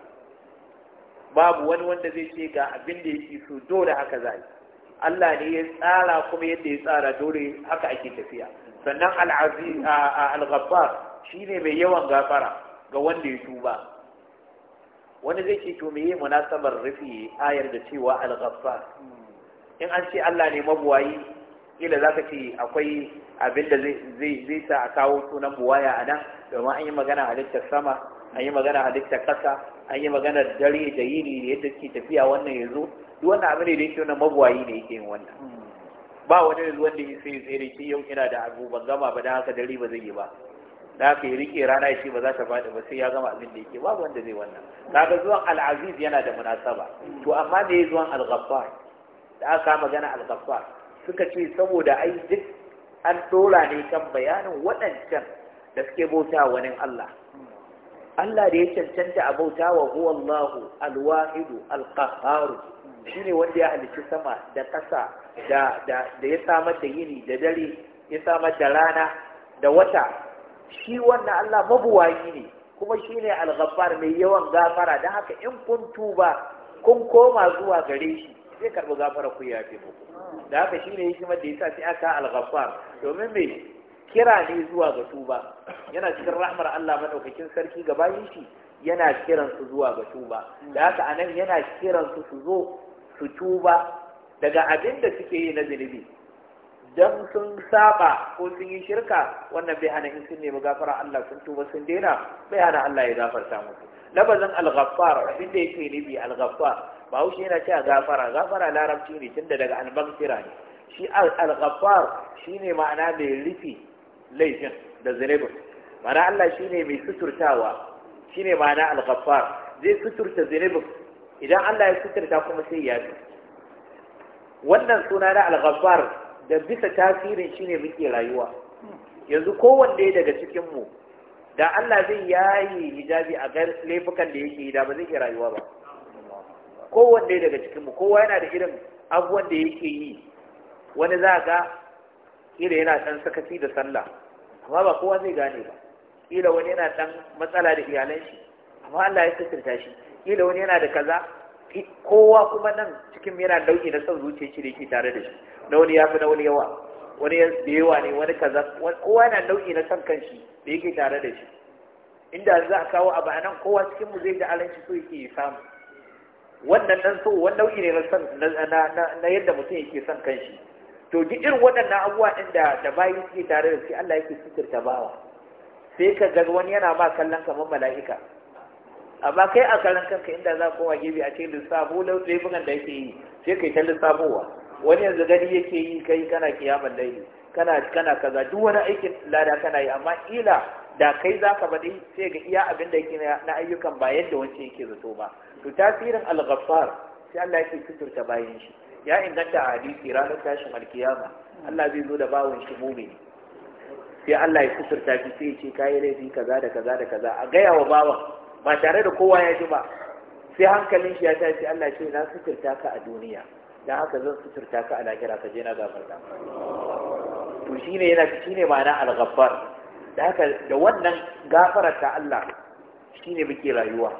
Speaker 1: babu wani wanda zai ce ga abin da yake so dole haka zai Allah ne ya tsara kuma yadda ya tsara dole haka ake tafiya sannan al-aziz shi ne shine mai yawan gafara ga wanda ya tuba wani zai ce to me yi munasabar rufi ayar da cewa al-ghaffar in an ce Allah ne mabuwayi kila zaka ce akwai abin da zai zai sa a kawo sunan buwaya a nan domin an yi magana halittar sama an yi magana halittar kasa an yi magana dare da yini da yadda suke tafiya wannan ya zo duk wannan abu ne da yake wannan mabuwayi ne yake yin wannan ba wani da wanda ya sai tsere shi yau ina da abu ban gama ba dan haka dare ba zai yi ba da haka ya rike rana ya ce ba za ta faɗi ba sai ya gama abin da yake babu wanda zai wannan kaga zuwan al-aziz yana da munasaba to amma da ya zuwan al-ghaffar da aka magana al-ghaffar suka ce saboda ai duk an dora ne kan bayanin waɗancan da suke bauta wani Allah Allah da ya cancanta a bauta wa huwa Allahu al-wahidu al-qahharu shine wanda ya halicci sama da ƙasa da ya samar da yini da dare ya samar da rana da wata shi wannan Allah mabuwayi ne kuma shine ne mai yawan gafara don haka in kun tuba kun koma zuwa gare shi zai karɓi gafara ku ya fi muku da haka shi hikimar da sa sai aka al domin mai kira ne zuwa ga tuba yana cikin rahmar Allah madaukakin sarki ga bayin shi yana kiran su zuwa ga tuba da haka anan yana kiran su su zo su tuba daga abin da suke yi na zunubi don sun saba ko sun yi shirka wannan bai hana in sun nemi gafara Allah sun tuba sun daina bai hana Allah ya gafarta musu labarin al-ghaffar abin da yake nufi al-ghaffar ba wuce yana cewa gafara gafara larabci ne tunda daga al-maghfira ne shi al shine ma'ana mai rufi laifin da zunubi ma'ana Allah shine mai suturtawa shine ma'ana al zai suturta zunubi idan Allah ya suturta kuma sai ya bi wannan suna na al-ghaffar da bisa tasirin shine muke rayuwa yanzu kowanne daga cikin mu da Allah zai yayi hijabi a gar laifukan da yake da ba zai iya rayuwa ba kowanne daga cikin mu kowa yana da irin abubuwan da yake yi wani za ga kila yana dan sakaci da sallah amma ba kowa zai gane ba kila wani yana dan matsala da iyalan shi amma Allah ya sirta shi kila wani yana da kaza kowa kuma nan cikin yana dauki na son zuciya shi da yake tare da shi na wani ya fi na wani yawa wani da yawa ne wani kaza kowa yana dauki na son kanshi da yake tare da shi inda za a kawo abu a nan kowa cikin mu zai da alanci so yake samu wannan nan so wani nau'i ne na yadda mutum yake son kanshi to duk irin waɗannan abubuwa ɗin da da bayi suke tare da shi Allah yake ta bawa sai ka ga wani yana ma kallon kamar mala'ika amma kai a karan kanka inda za kowa gibi a ce lissafo laifukan da yake yi sai kai ta lissafowa wani yanzu gani yake yi kai kana kiyaman laili kana kana kaza duk wani aikin lada kana yi amma ila da kai za ka baɗi sai ga iya abin da yake na ayyukan ba yadda wancan yake zato ba to tasirin al-ghaffar sai Allah yake suturta bayan shi ya inganta a hadisi ranar tashin alkiyama Allah zai zo da bawon shi mumini
Speaker 2: sai Allah ya suturta
Speaker 1: shi sai ya ce kayi laifi kaza da kaza da kaza a gaya wa bawan ba tare da kowa ya ji ba sai hankalin shi ya tashi Allah ce na suturta ka a duniya dan haka zan suturta ka a lahira ka je na gafarta to shine yana shine ma'ana al-ghaffar da haka da wannan gafarar ta Allah shine muke rayuwa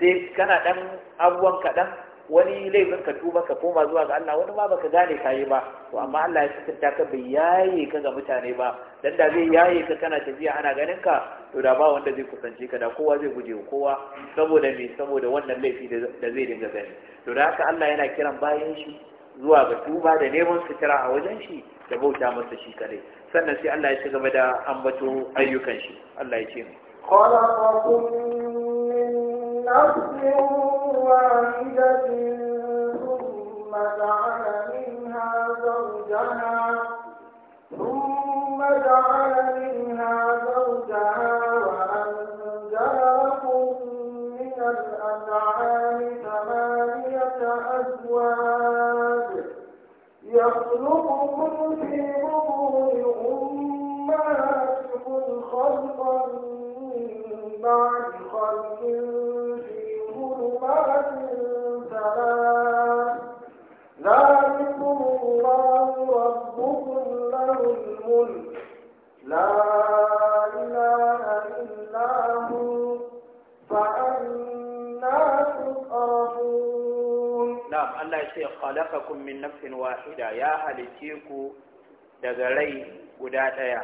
Speaker 1: sai kana dan abuwan kaɗan wani laifin ka tuba ka koma zuwa ga Allah wani ma baka gane ka ba to amma Allah ya sukunta ka bai yaye ka ga mutane ba dan da zai yaye ka kana tafiya ana ganin ka to da ba wanda zai kusance ka da kowa zai guje kowa saboda me saboda wannan laifi da zai dinga gani to da haka Allah yana kiran bayan shi zuwa ga tuba da neman sutura a wajen shi da bauta masa shi kare sannan sai Allah ya ci gaba da ambato ayyukan shi Allah ya ce mu
Speaker 2: خلقكم من واحدة ثم جعل منها زوجها ثم جعل منها زوجها وأنزل لكم من الأنعام ثمانية أزواج يخلقكم في بطون أمهاتكم خلقا من بعد خلق
Speaker 1: ce khalaqakum min nafsin wahida ya halice ku daga rai guda ɗaya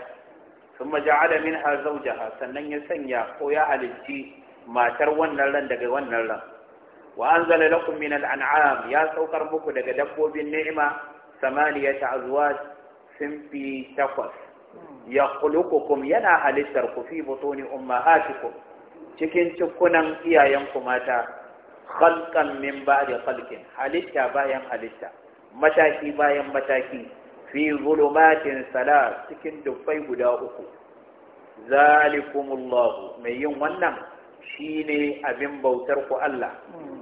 Speaker 1: thumma ja'ala minha zawjaha sannan ya sanya ko ya halicci matar wannan ran daga wannan ran wa anzala lakum min al'an'am ya saukar muku daga dabbobin ni'ima samaniyata azwaj sinfi takwas yakhluqukum yana halittar ku fi butuni ummahatikum cikin cikunan iyayenku mata khalqan min da khalqin halitta bayan halitta mataki bayan mataki fi zulumatin salat cikin dubbai guda uku zalikumullahu mai yin wannan shine abin bautar ku Allah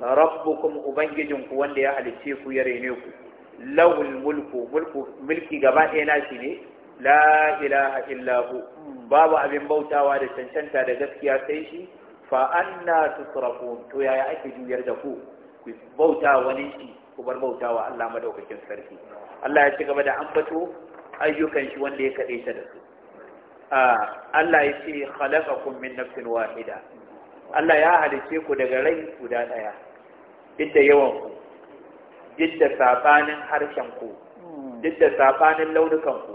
Speaker 1: rabbukum ku wanda ya halicce ku ya rene ku Lawul mulku mulku mulki gaba ɗaya shi ne la ilaha illa hu babu abin bautawa da cancanta da gaskiya sai shi fa anna tusrafun to yaya ake juyar da ku ku bauta wani shi ku bar bauta wa Allah madaukakin sarki Allah ya ci gaba da ambato ayyukan shi wanda ya kade shi da su Allah ya ce khalaqakum min nafsin wahida Allah ya halice ku daga rai guda daya duk da yawan ku duk da sabanin harshen ku duk da sabanin launukan ku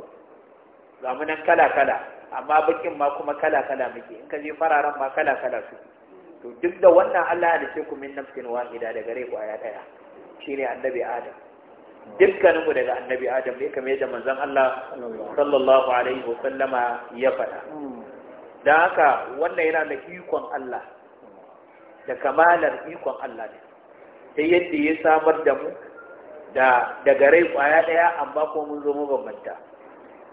Speaker 1: ga munan kala kala amma bakin ma kuma kala kala muke in ka je fararen ma kala kala su to duk da wannan Allah da ce ku min nafsin wahida daga rai kwaya daya shine annabi adam dukkanin mu daga annabi adam ne kamar yadda manzon Allah sallallahu alaihi wa sallama ya faɗa dan haka wannan yana da ikon Allah da kamalar ikon Allah ne sai yadda ya samar da mu da daga rai kwaya daya amma ko mun zo bambanta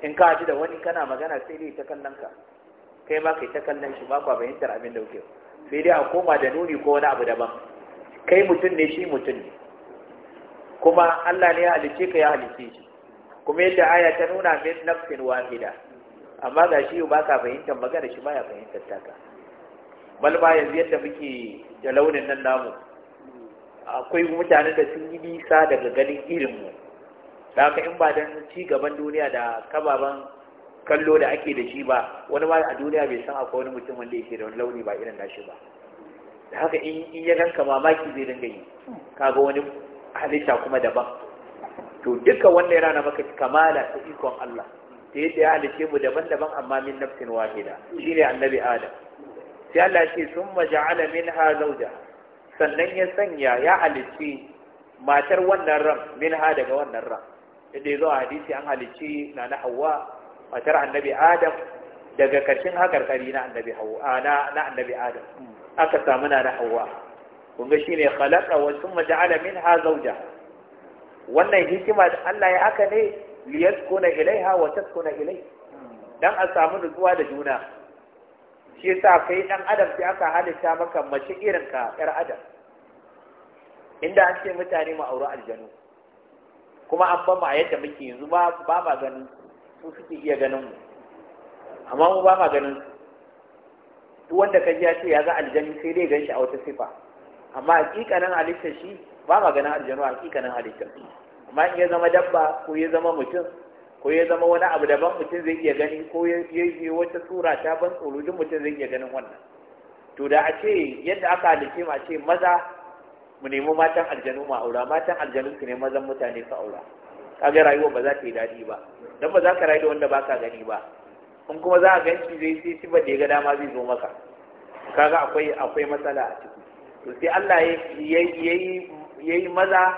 Speaker 1: in ka ji da wani kana magana sai dai ta kallon ka kai ma kai ta kallon shi ba kwa fahimtar abin da kuke sai dai a koma da nuni ko wani abu daban kai mutum ne shi mutum ne kuma Allah ne ya halice ka ya halice shi kuma yadda aya ta nuna min nafsin wahida amma ga shi ba ka fahimtar magana shi bayyantar fahimtar taka bal ba yanzu yadda muke da launin nan namu akwai mutanen da sun yi nisa daga ganin irin mu da haka in ba dan ci gaban duniya da kababan kallo da ake da shi ba wani ma a duniya bai san akwai wani mutum wanda yake da wani launi ba irin nashi ba da haka in ya ganka mamaki zai dinga yi kaga wani halitta kuma daban to duka wannan ya rana maka kamala ta ikon Allah ta yadda ya halice mu daban-daban amma min nafsin wahida ne annabi Adam sai Allah ya ce summa ja'ala minha zawja sannan ya sanya ya halice matar wannan ran Min ha daga wannan ran inda zuwa hadisi an halicci na na hawa matar annabi adam daga kashin hakarkari na annabi hawa na annabi adam aka samu na na hawa kunga shine khalaqa wa thumma ja'ala minha zawjaha wannan hikima da Allah ya aka ne liyaskuna ilaiha wa taskuna ilai dan a samu nutsuwa da juna shi yasa kai dan adam sai aka halitta maka mace irin ka yar adam inda an ce mutane mu aure aljanu kuma an ba ma yadda muke yanzu ba ba ma ganin su suke iya ganin mu amma mu ba ma ganin su duk wanda ka ji ya ce ya ga aljanu sai dai gan shi a wata sifa amma hakikanin halittar shi ba ma ganin aljanu hakikanin halittar amma in ya zama dabba ko ya zama mutum ko ya zama wani abu daban mutum zai iya gani ko ya yi wata sura ta ban tsoro duk mutum zai iya ganin wannan to da a ce yadda aka halice ma ce maza mu nemi matan aljanu mu aura matan aljanu su ne mazan mutane ka aura kaga rayuwa ba za ta yi daɗi ba dan ba za ka rayu da wanda baka gani ba in kuma za a ganci zai sai ba da ya ga dama zai zo maka kaga akwai akwai matsala a ciki to sai Allah ya yi yayi maza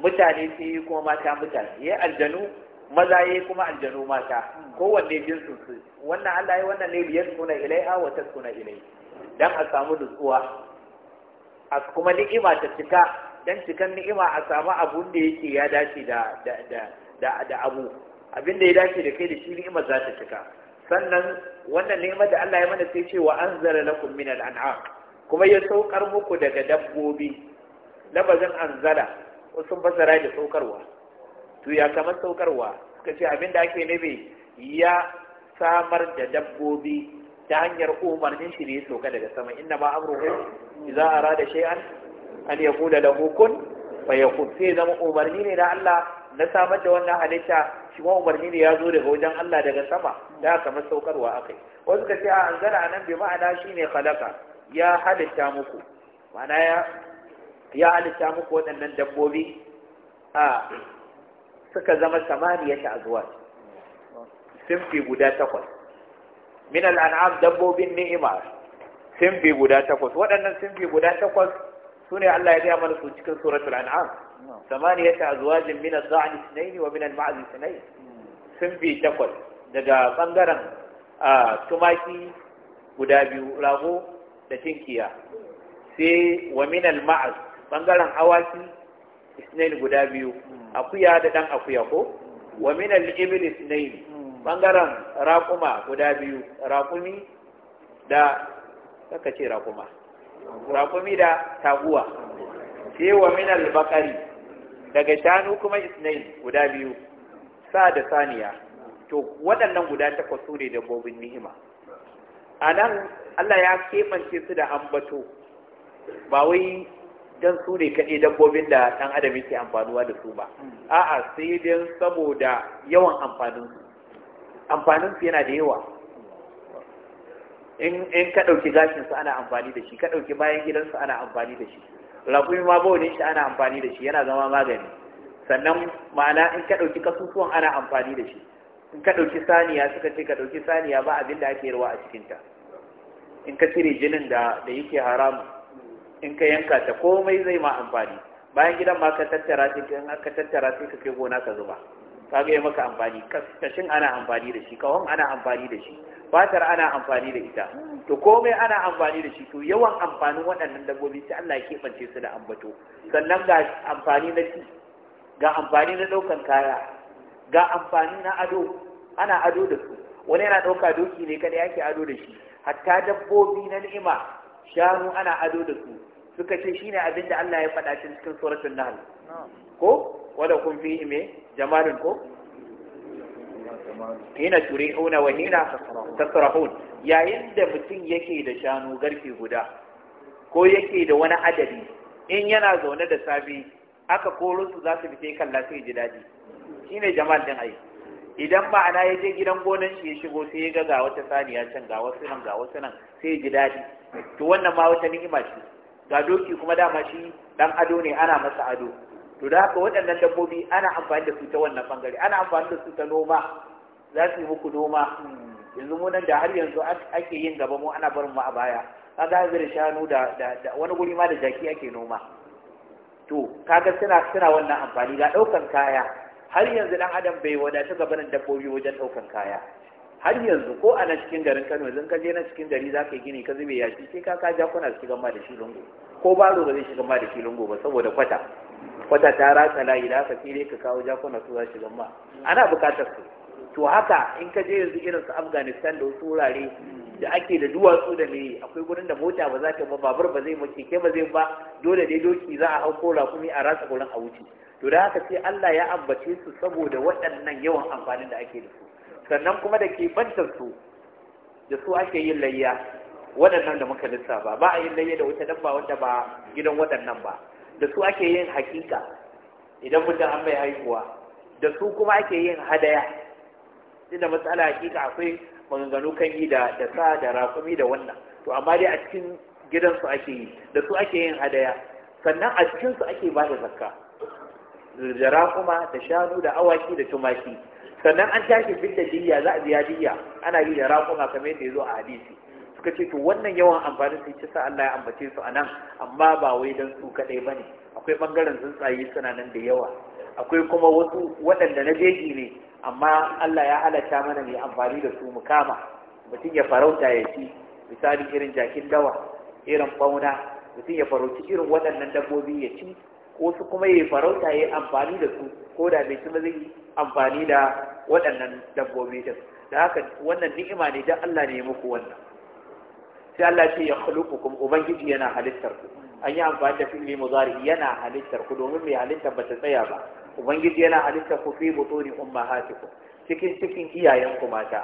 Speaker 1: mutane su yi kuma mata mutane yayi aljanu maza yayi kuma aljanu mata kowanne jinsin su wannan Allah ya wannan ne biyar suna ilaiha wa tasuna ilai dan a samu nutsuwa a kuma ni'ima ta cika dan cikan ni'ima a samu abun da yake ya dace da da da abu abin da ya dace da kai da shi ni'ima za ta cika sannan wannan ni'ima da Allah ya mana sai ce wa anzala lakum min al kuma ya saukar muku daga dabbobi labazin anzala sun fasara da saukarwa to ya kamar saukarwa suka abin da ake nufi ya samar da dabbobi ta hanyar umarnin shi ne ya sauka daga sama inda ma amruhu a rada shi an yaqula lahu kun fayakun sai zama umarni ne da Allah na samar da wannan halitta shi ma umarni ne ya zo daga wajen Allah daga sama da kamar saukarwa akai wasu ka ce a zara nan bi ma'ana shi ne khalaqa ya halitta muku ma'ana ya ya halitta muku waɗannan dabbobi a suka zama ta azuwa simfi guda takwas min al'an'am dabbobin ni'ima bi guda takwas waɗannan sun bi guda takwas su ne Allah ya gaya mana su cikin suratul an'am samaniyata azwajin min az-za'n ithnayn wa min al-ma'z sun bi takwas daga ɓangaren tumaki guda biyu rago da tinkiya sai wa min al ɓangaren bangaren awaki ithnayn guda biyu akuya da ɗan akuya ko wa min al-ibil bangaren raƙuma guda biyu raƙumi da kaka ce raƙuma raƙumi da taguwa wa min daga shanu kuma isnai guda biyu sa da saniya to waɗannan guda takwas su ne dabbobin nihima a nan Allah ya kemance su da ambato ba wai don su ne kaɗai dabbobin da ɗan adam yake amfanuwa da su ba a'a sai dai saboda yawan amfaninsu amfanin su yana da yawa in in ka dauki gashin ana amfani da shi ka dauki bayan gidansu, ana amfani da shi rakumi ma bawulin shi ana amfani da shi yana zama magani sannan ma'ana in ka dauki kasusuwan ana amfani da shi in ka ɗauki saniya suka ce ka ɗauki saniya ba abin da ake yarwa a cikinta in ka cire jinin da da yake haramu in ka yanka ta komai zai ma amfani bayan gidan ma ka tattara sai ka tattara sai ka kai gona ka zuba kaga ya maka amfani kashin ana amfani da shi kawon ana amfani da shi fatar ana amfani da ita to komai ana amfani da shi to yawan amfanin waɗannan dabbobi sai Allah ya keɓance su da ambato sannan ga amfani na ci ga amfani na ɗaukan kaya ga amfani na ado ana ado da su wani yana ɗauka doki ne kada yake ado da shi hatta dabbobi na ni'ima shanu ana ado da su suka ce shine abinda Allah ya faɗa cikin suratul nahl ko wala kun fi me jamalun ko hina turi'una wa hina tasrahun Ya da mutum yake da shanu garke guda ko yake da wani adadi in yana zaune da safi aka koro su za su fita kalla sai ji daɗi shine jamal din ai idan ma'ana ya je gidan gonan shi ya shigo sai ya ga ga wata saniya can ga wasu nan ga wasu nan sai ya ji daɗi to wannan ma wata ni'ima ce ga doki kuma dama shi dan ado ne ana masa ado to da haka waɗannan dabbobi ana amfani da su ta wannan bangare ana amfani da su ta noma za su yi muku noma yanzu mu nan da har yanzu ake yin gaba mu ana barin mu a baya kaga zai da shanu da wani guri ma da jaki ake noma to kaga suna suna wannan amfani ga ɗaukan kaya har yanzu dan adam bai wadata gabanin dabbobi wajen ɗaukan kaya har yanzu ko a nan cikin garin Kano yanzu ka je na cikin gari za ka yi gini ka zube yashi sai ka ka jakuna su shiga ma da shi lungu ko baro ba zai shiga ma da shi lungu ba saboda kwata wata ta ratsa layi da haka sai ka kawo jakuna su za shi Gamma. ana bukatar su to haka in ka je yanzu irin su afghanistan da wasu wurare da ake da duwatsu da me akwai gurin da mota ba za ta ba babur ba zai ba keke ba zai ba dole dai doki za a hau ko rakumi a ratsa gurin a wuce to da haka sai Allah ya ambace su saboda waɗannan yawan amfanin da ake da su sannan kuma da ke bantar su da su ake yin layya waɗannan da muka lissafa ba a yin layya da wata dabba wanda ba gidan waɗannan ba da su ake yin hakika idan mutum an mai haihuwa da su kuma ake yin hadaya inda matsala hakika akwai maganganu kan yi da da sa da raƙumi da wannan to amma dai a cikin gidansu ake yi da su ake yin hadaya sannan a cikinsu ake ba da zakka da raƙuma da shanu da awaki da tumaki sannan an tashi bin da diyya za a biya diyya ana yi da raƙuma kamar yadda ya zo a hadisi suka ce to wannan yawan amfani sai ci sa Allah ya ambace su a nan amma ba wai dan su kaɗai ba ne akwai bangaren tsuntsaye suna nan da yawa akwai kuma wasu waɗanda na jeji ne amma Allah ya halatta mana mai amfani da su mu kama mutum ya farauta ya ci misali irin jakin dawa irin fauna mutum ya farauci irin waɗannan dabbobi ya ci ko su kuma ya farauta ya amfani da su ko da bai ci ba zai amfani da waɗannan dabbobi din da haka wannan ni'ima ne dan Allah ne ya muku wannan sai Allah ce ya kum ubangiji yana halittar ku an yi amfani da fi'li mudari yana halittar ku domin mai halittar ba ta tsaya ba ubangiji yana halittar ku fi butuni ummahatiku cikin cikin iyayen ku mata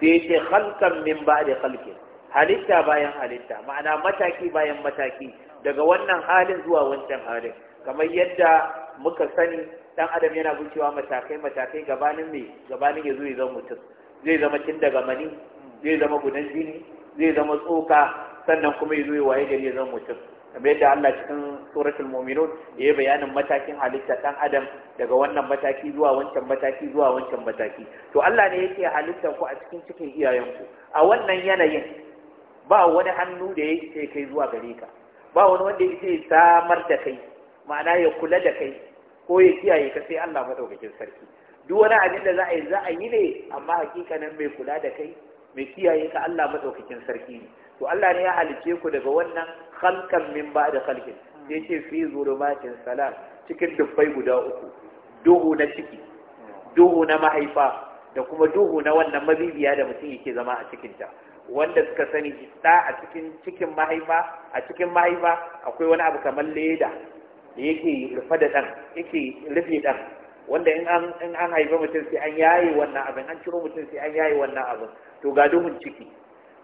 Speaker 1: sai ce khalqan min ba'di khalqi halitta bayan halitta ma'ana mataki bayan mataki daga wannan halin zuwa wancan halin kamar yadda muka sani dan adam yana gucewa matakai matakai gabanin me gabanin ya zo ya zama mutum zai zama tun daga mani zai zama gudan jini zai zama tsoka sannan kuma ya zo ya waye gari ya zama mutum kamar yadda Allah cikin suratul mu'minun ya bayanin matakin halitta ɗan adam daga wannan mataki zuwa wancan mataki zuwa wancan mataki to Allah ne yake halittar ku a cikin cikin iyayenku a wannan yanayin ba wani hannu da yake kai zuwa gare ka ba wani wanda yake samar da kai ma'ana ya kula da kai ko ya kiyaye ka sai Allah madaukakin sarki duk wani abin da za a yi za a yi ne amma hakikanin mai kula da kai mai kiyaye ka Allah madaukakin sarki ne to Allah ne ya halice ku daga wannan khalqan min ba'da khalqin sai ce fi zulumatin salam cikin dubbai guda uku duhu na ciki duhu na mahaifa da kuma duhu na wannan mabibiya da mutum yake zama a cikin ta wanda suka sani da a cikin cikin mahaifa a cikin mahaifa akwai wani abu kamar leda da yake rufe da dan yake rufe dan wanda in an in an haifa mutum sai an yaye wannan abin an ciro mutum sai an yaye wannan abin to ga duhun ciki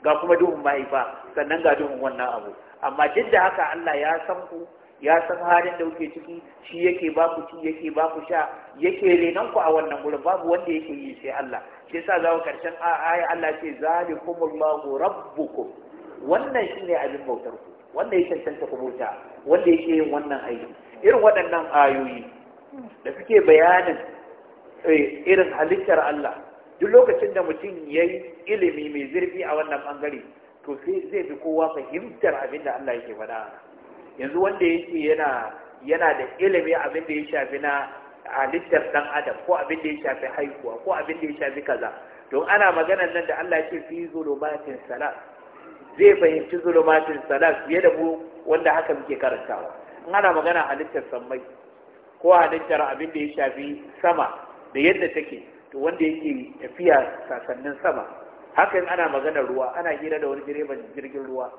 Speaker 1: ga kuma duhun mahaifa sannan ga duhun wannan abu amma duk da haka Allah ya san ku ya san halin da kuke ciki shi yake ba ku ci yake ba ku sha yake renan ku a wannan gurin babu wanda yake yi sai Allah shi yasa zawo karshen ayi Allah ce zalikumullahu rabbukum wannan shine abin bautar ku wanda ya cancanta ku bauta wanda yake yin wannan aiki irin waɗannan ayoyi da suke bayanin eh, irin halittar Allah duk lokacin da mutum ya yi ilimi mai zurfi a wannan bangare to sai zai fi kowa fahimtar abin da Allah yake faɗa yanzu wanda yake yana yana da ilimi abin da ya shafi na halittar dan adam ko abin da ya shafi haihuwa ko abin da ya shafi kaza don ana maganar nan da Allah yake fi zulumatin salat zai fahimci zulumatin salat fiye da mu wanda haka muke karantawa in ana magana halittar sammai ko halittar abin da ya shafi sama da yadda take to wanda yake tafiya sasannin sama haka hakan ana maganar ruwa ana hira da wani direban jirgin ruwa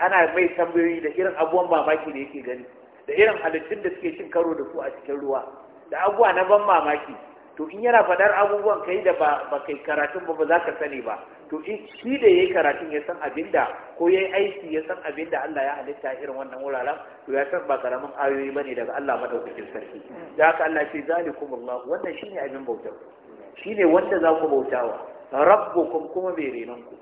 Speaker 1: ana mai tambayoyi da irin abubuwan mamaki da yake gani da irin halittun da suke cin karo da su a cikin ruwa da abubuwa na ban mamaki to in yana faɗar abubuwan kai da ba kai karatun ba ba za ka sani ba to in shi da yayi karatun ya san abinda ko yayi aiki ya san abinda Allah ya halitta irin wannan wuraren to ya san ba karamin ayoyi bane daga Allah madaukakin sarki da haka Allah ce zalikumullah wannan shine abin bautar Shi ne wanda za ku bauta bautawa rabbukum kuma mai renon ku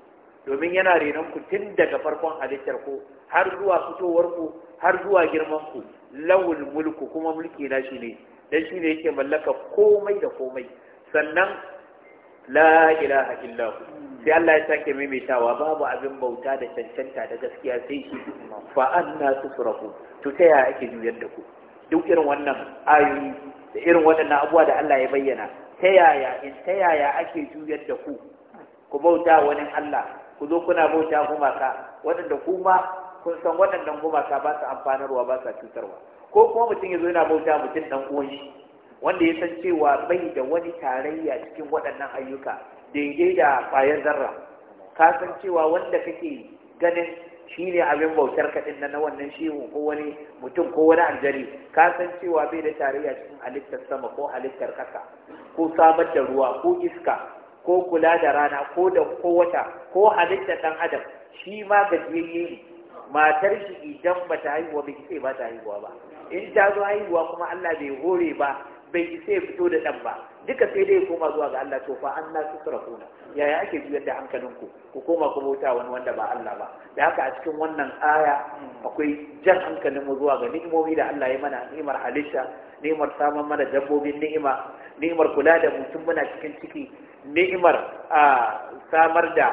Speaker 1: domin yana renonku ku tun daga farkon halittar ku har zuwa fitowar ku har zuwa girman ku lawul mulku kuma mulki na shi ne dan shi ne yake mallaka komai da komai sannan la ilaha illallah sai Allah ya sake maimaitawa babu abin bauta da cancanta da gaskiya sai shi fa anna tusrafu to ta yaya ake juyar da ku duk irin wannan ayoyi da irin waɗannan abubuwa da Allah ya bayyana ta in ta yaya ake juyar da ku ku bauta wani Allah ku zo kuna bauta gumaka waɗanda kuma kun san waɗannan gumaka ba su amfanarwa ba su cutarwa ko kuma mutum ya zo yana bauta mutum ɗan uwan shi wanda ya san cewa bai da wani tarayya cikin waɗannan ayyuka daidai da ƙwayar zarra ka san cewa wanda kake ganin shi ne abin bautar kaɗin na wannan shehu ko wani mutum ko wani aljari ka san cewa bai da tarayya cikin halittar sama ko halittar ƙasa ko samar da ruwa ko iska ko kula da rana ko da ko wata ko halittar ɗan adam shi ma jiyayye ne matar shi idan ba ta haihuwa bai kitse ba ta haihuwa ba in ta zo haihuwa kuma Allah bai hore ba bai isa fito da ɗan ba duka sai dai koma zuwa ga Allah to fa an na sutura kuna yaya ake juyar da hankalinku ku koma ku bauta wani wanda ba Allah ba da haka a cikin wannan aya akwai jan hankalin mu zuwa ga ni'imomi da Allah ya mana ni'imar halitta ni'imar samun mana dabbobin ni'ima ni'imar kula da mutum muna cikin ciki ni'imar samar da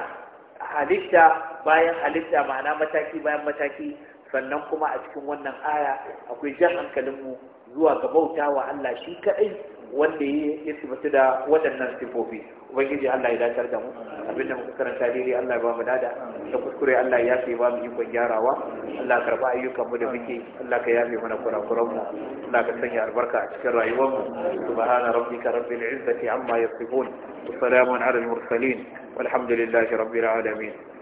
Speaker 1: halitta bayan halitta ma'ana mataki bayan mataki sannan kuma a cikin wannan aya akwai jan hankalin mu zuwa ga bauta wa Allah shi kaɗai wanda ya sifatu da waɗannan sifofi ubangiji Allah ya dakar da mu abinda muka karanta daidai Allah ya ba mu dada da kuskure Allah ya fi ba mu ikon gyarawa Allah karba ayyukan mu da muke Allah ka yafe mana kurakuran mu Allah ka sanya albarka a cikin rayuwar mu subhana rabbika rabbil izzati amma yasifun wa salamun ala al mursalin walhamdulillahi rabbil alamin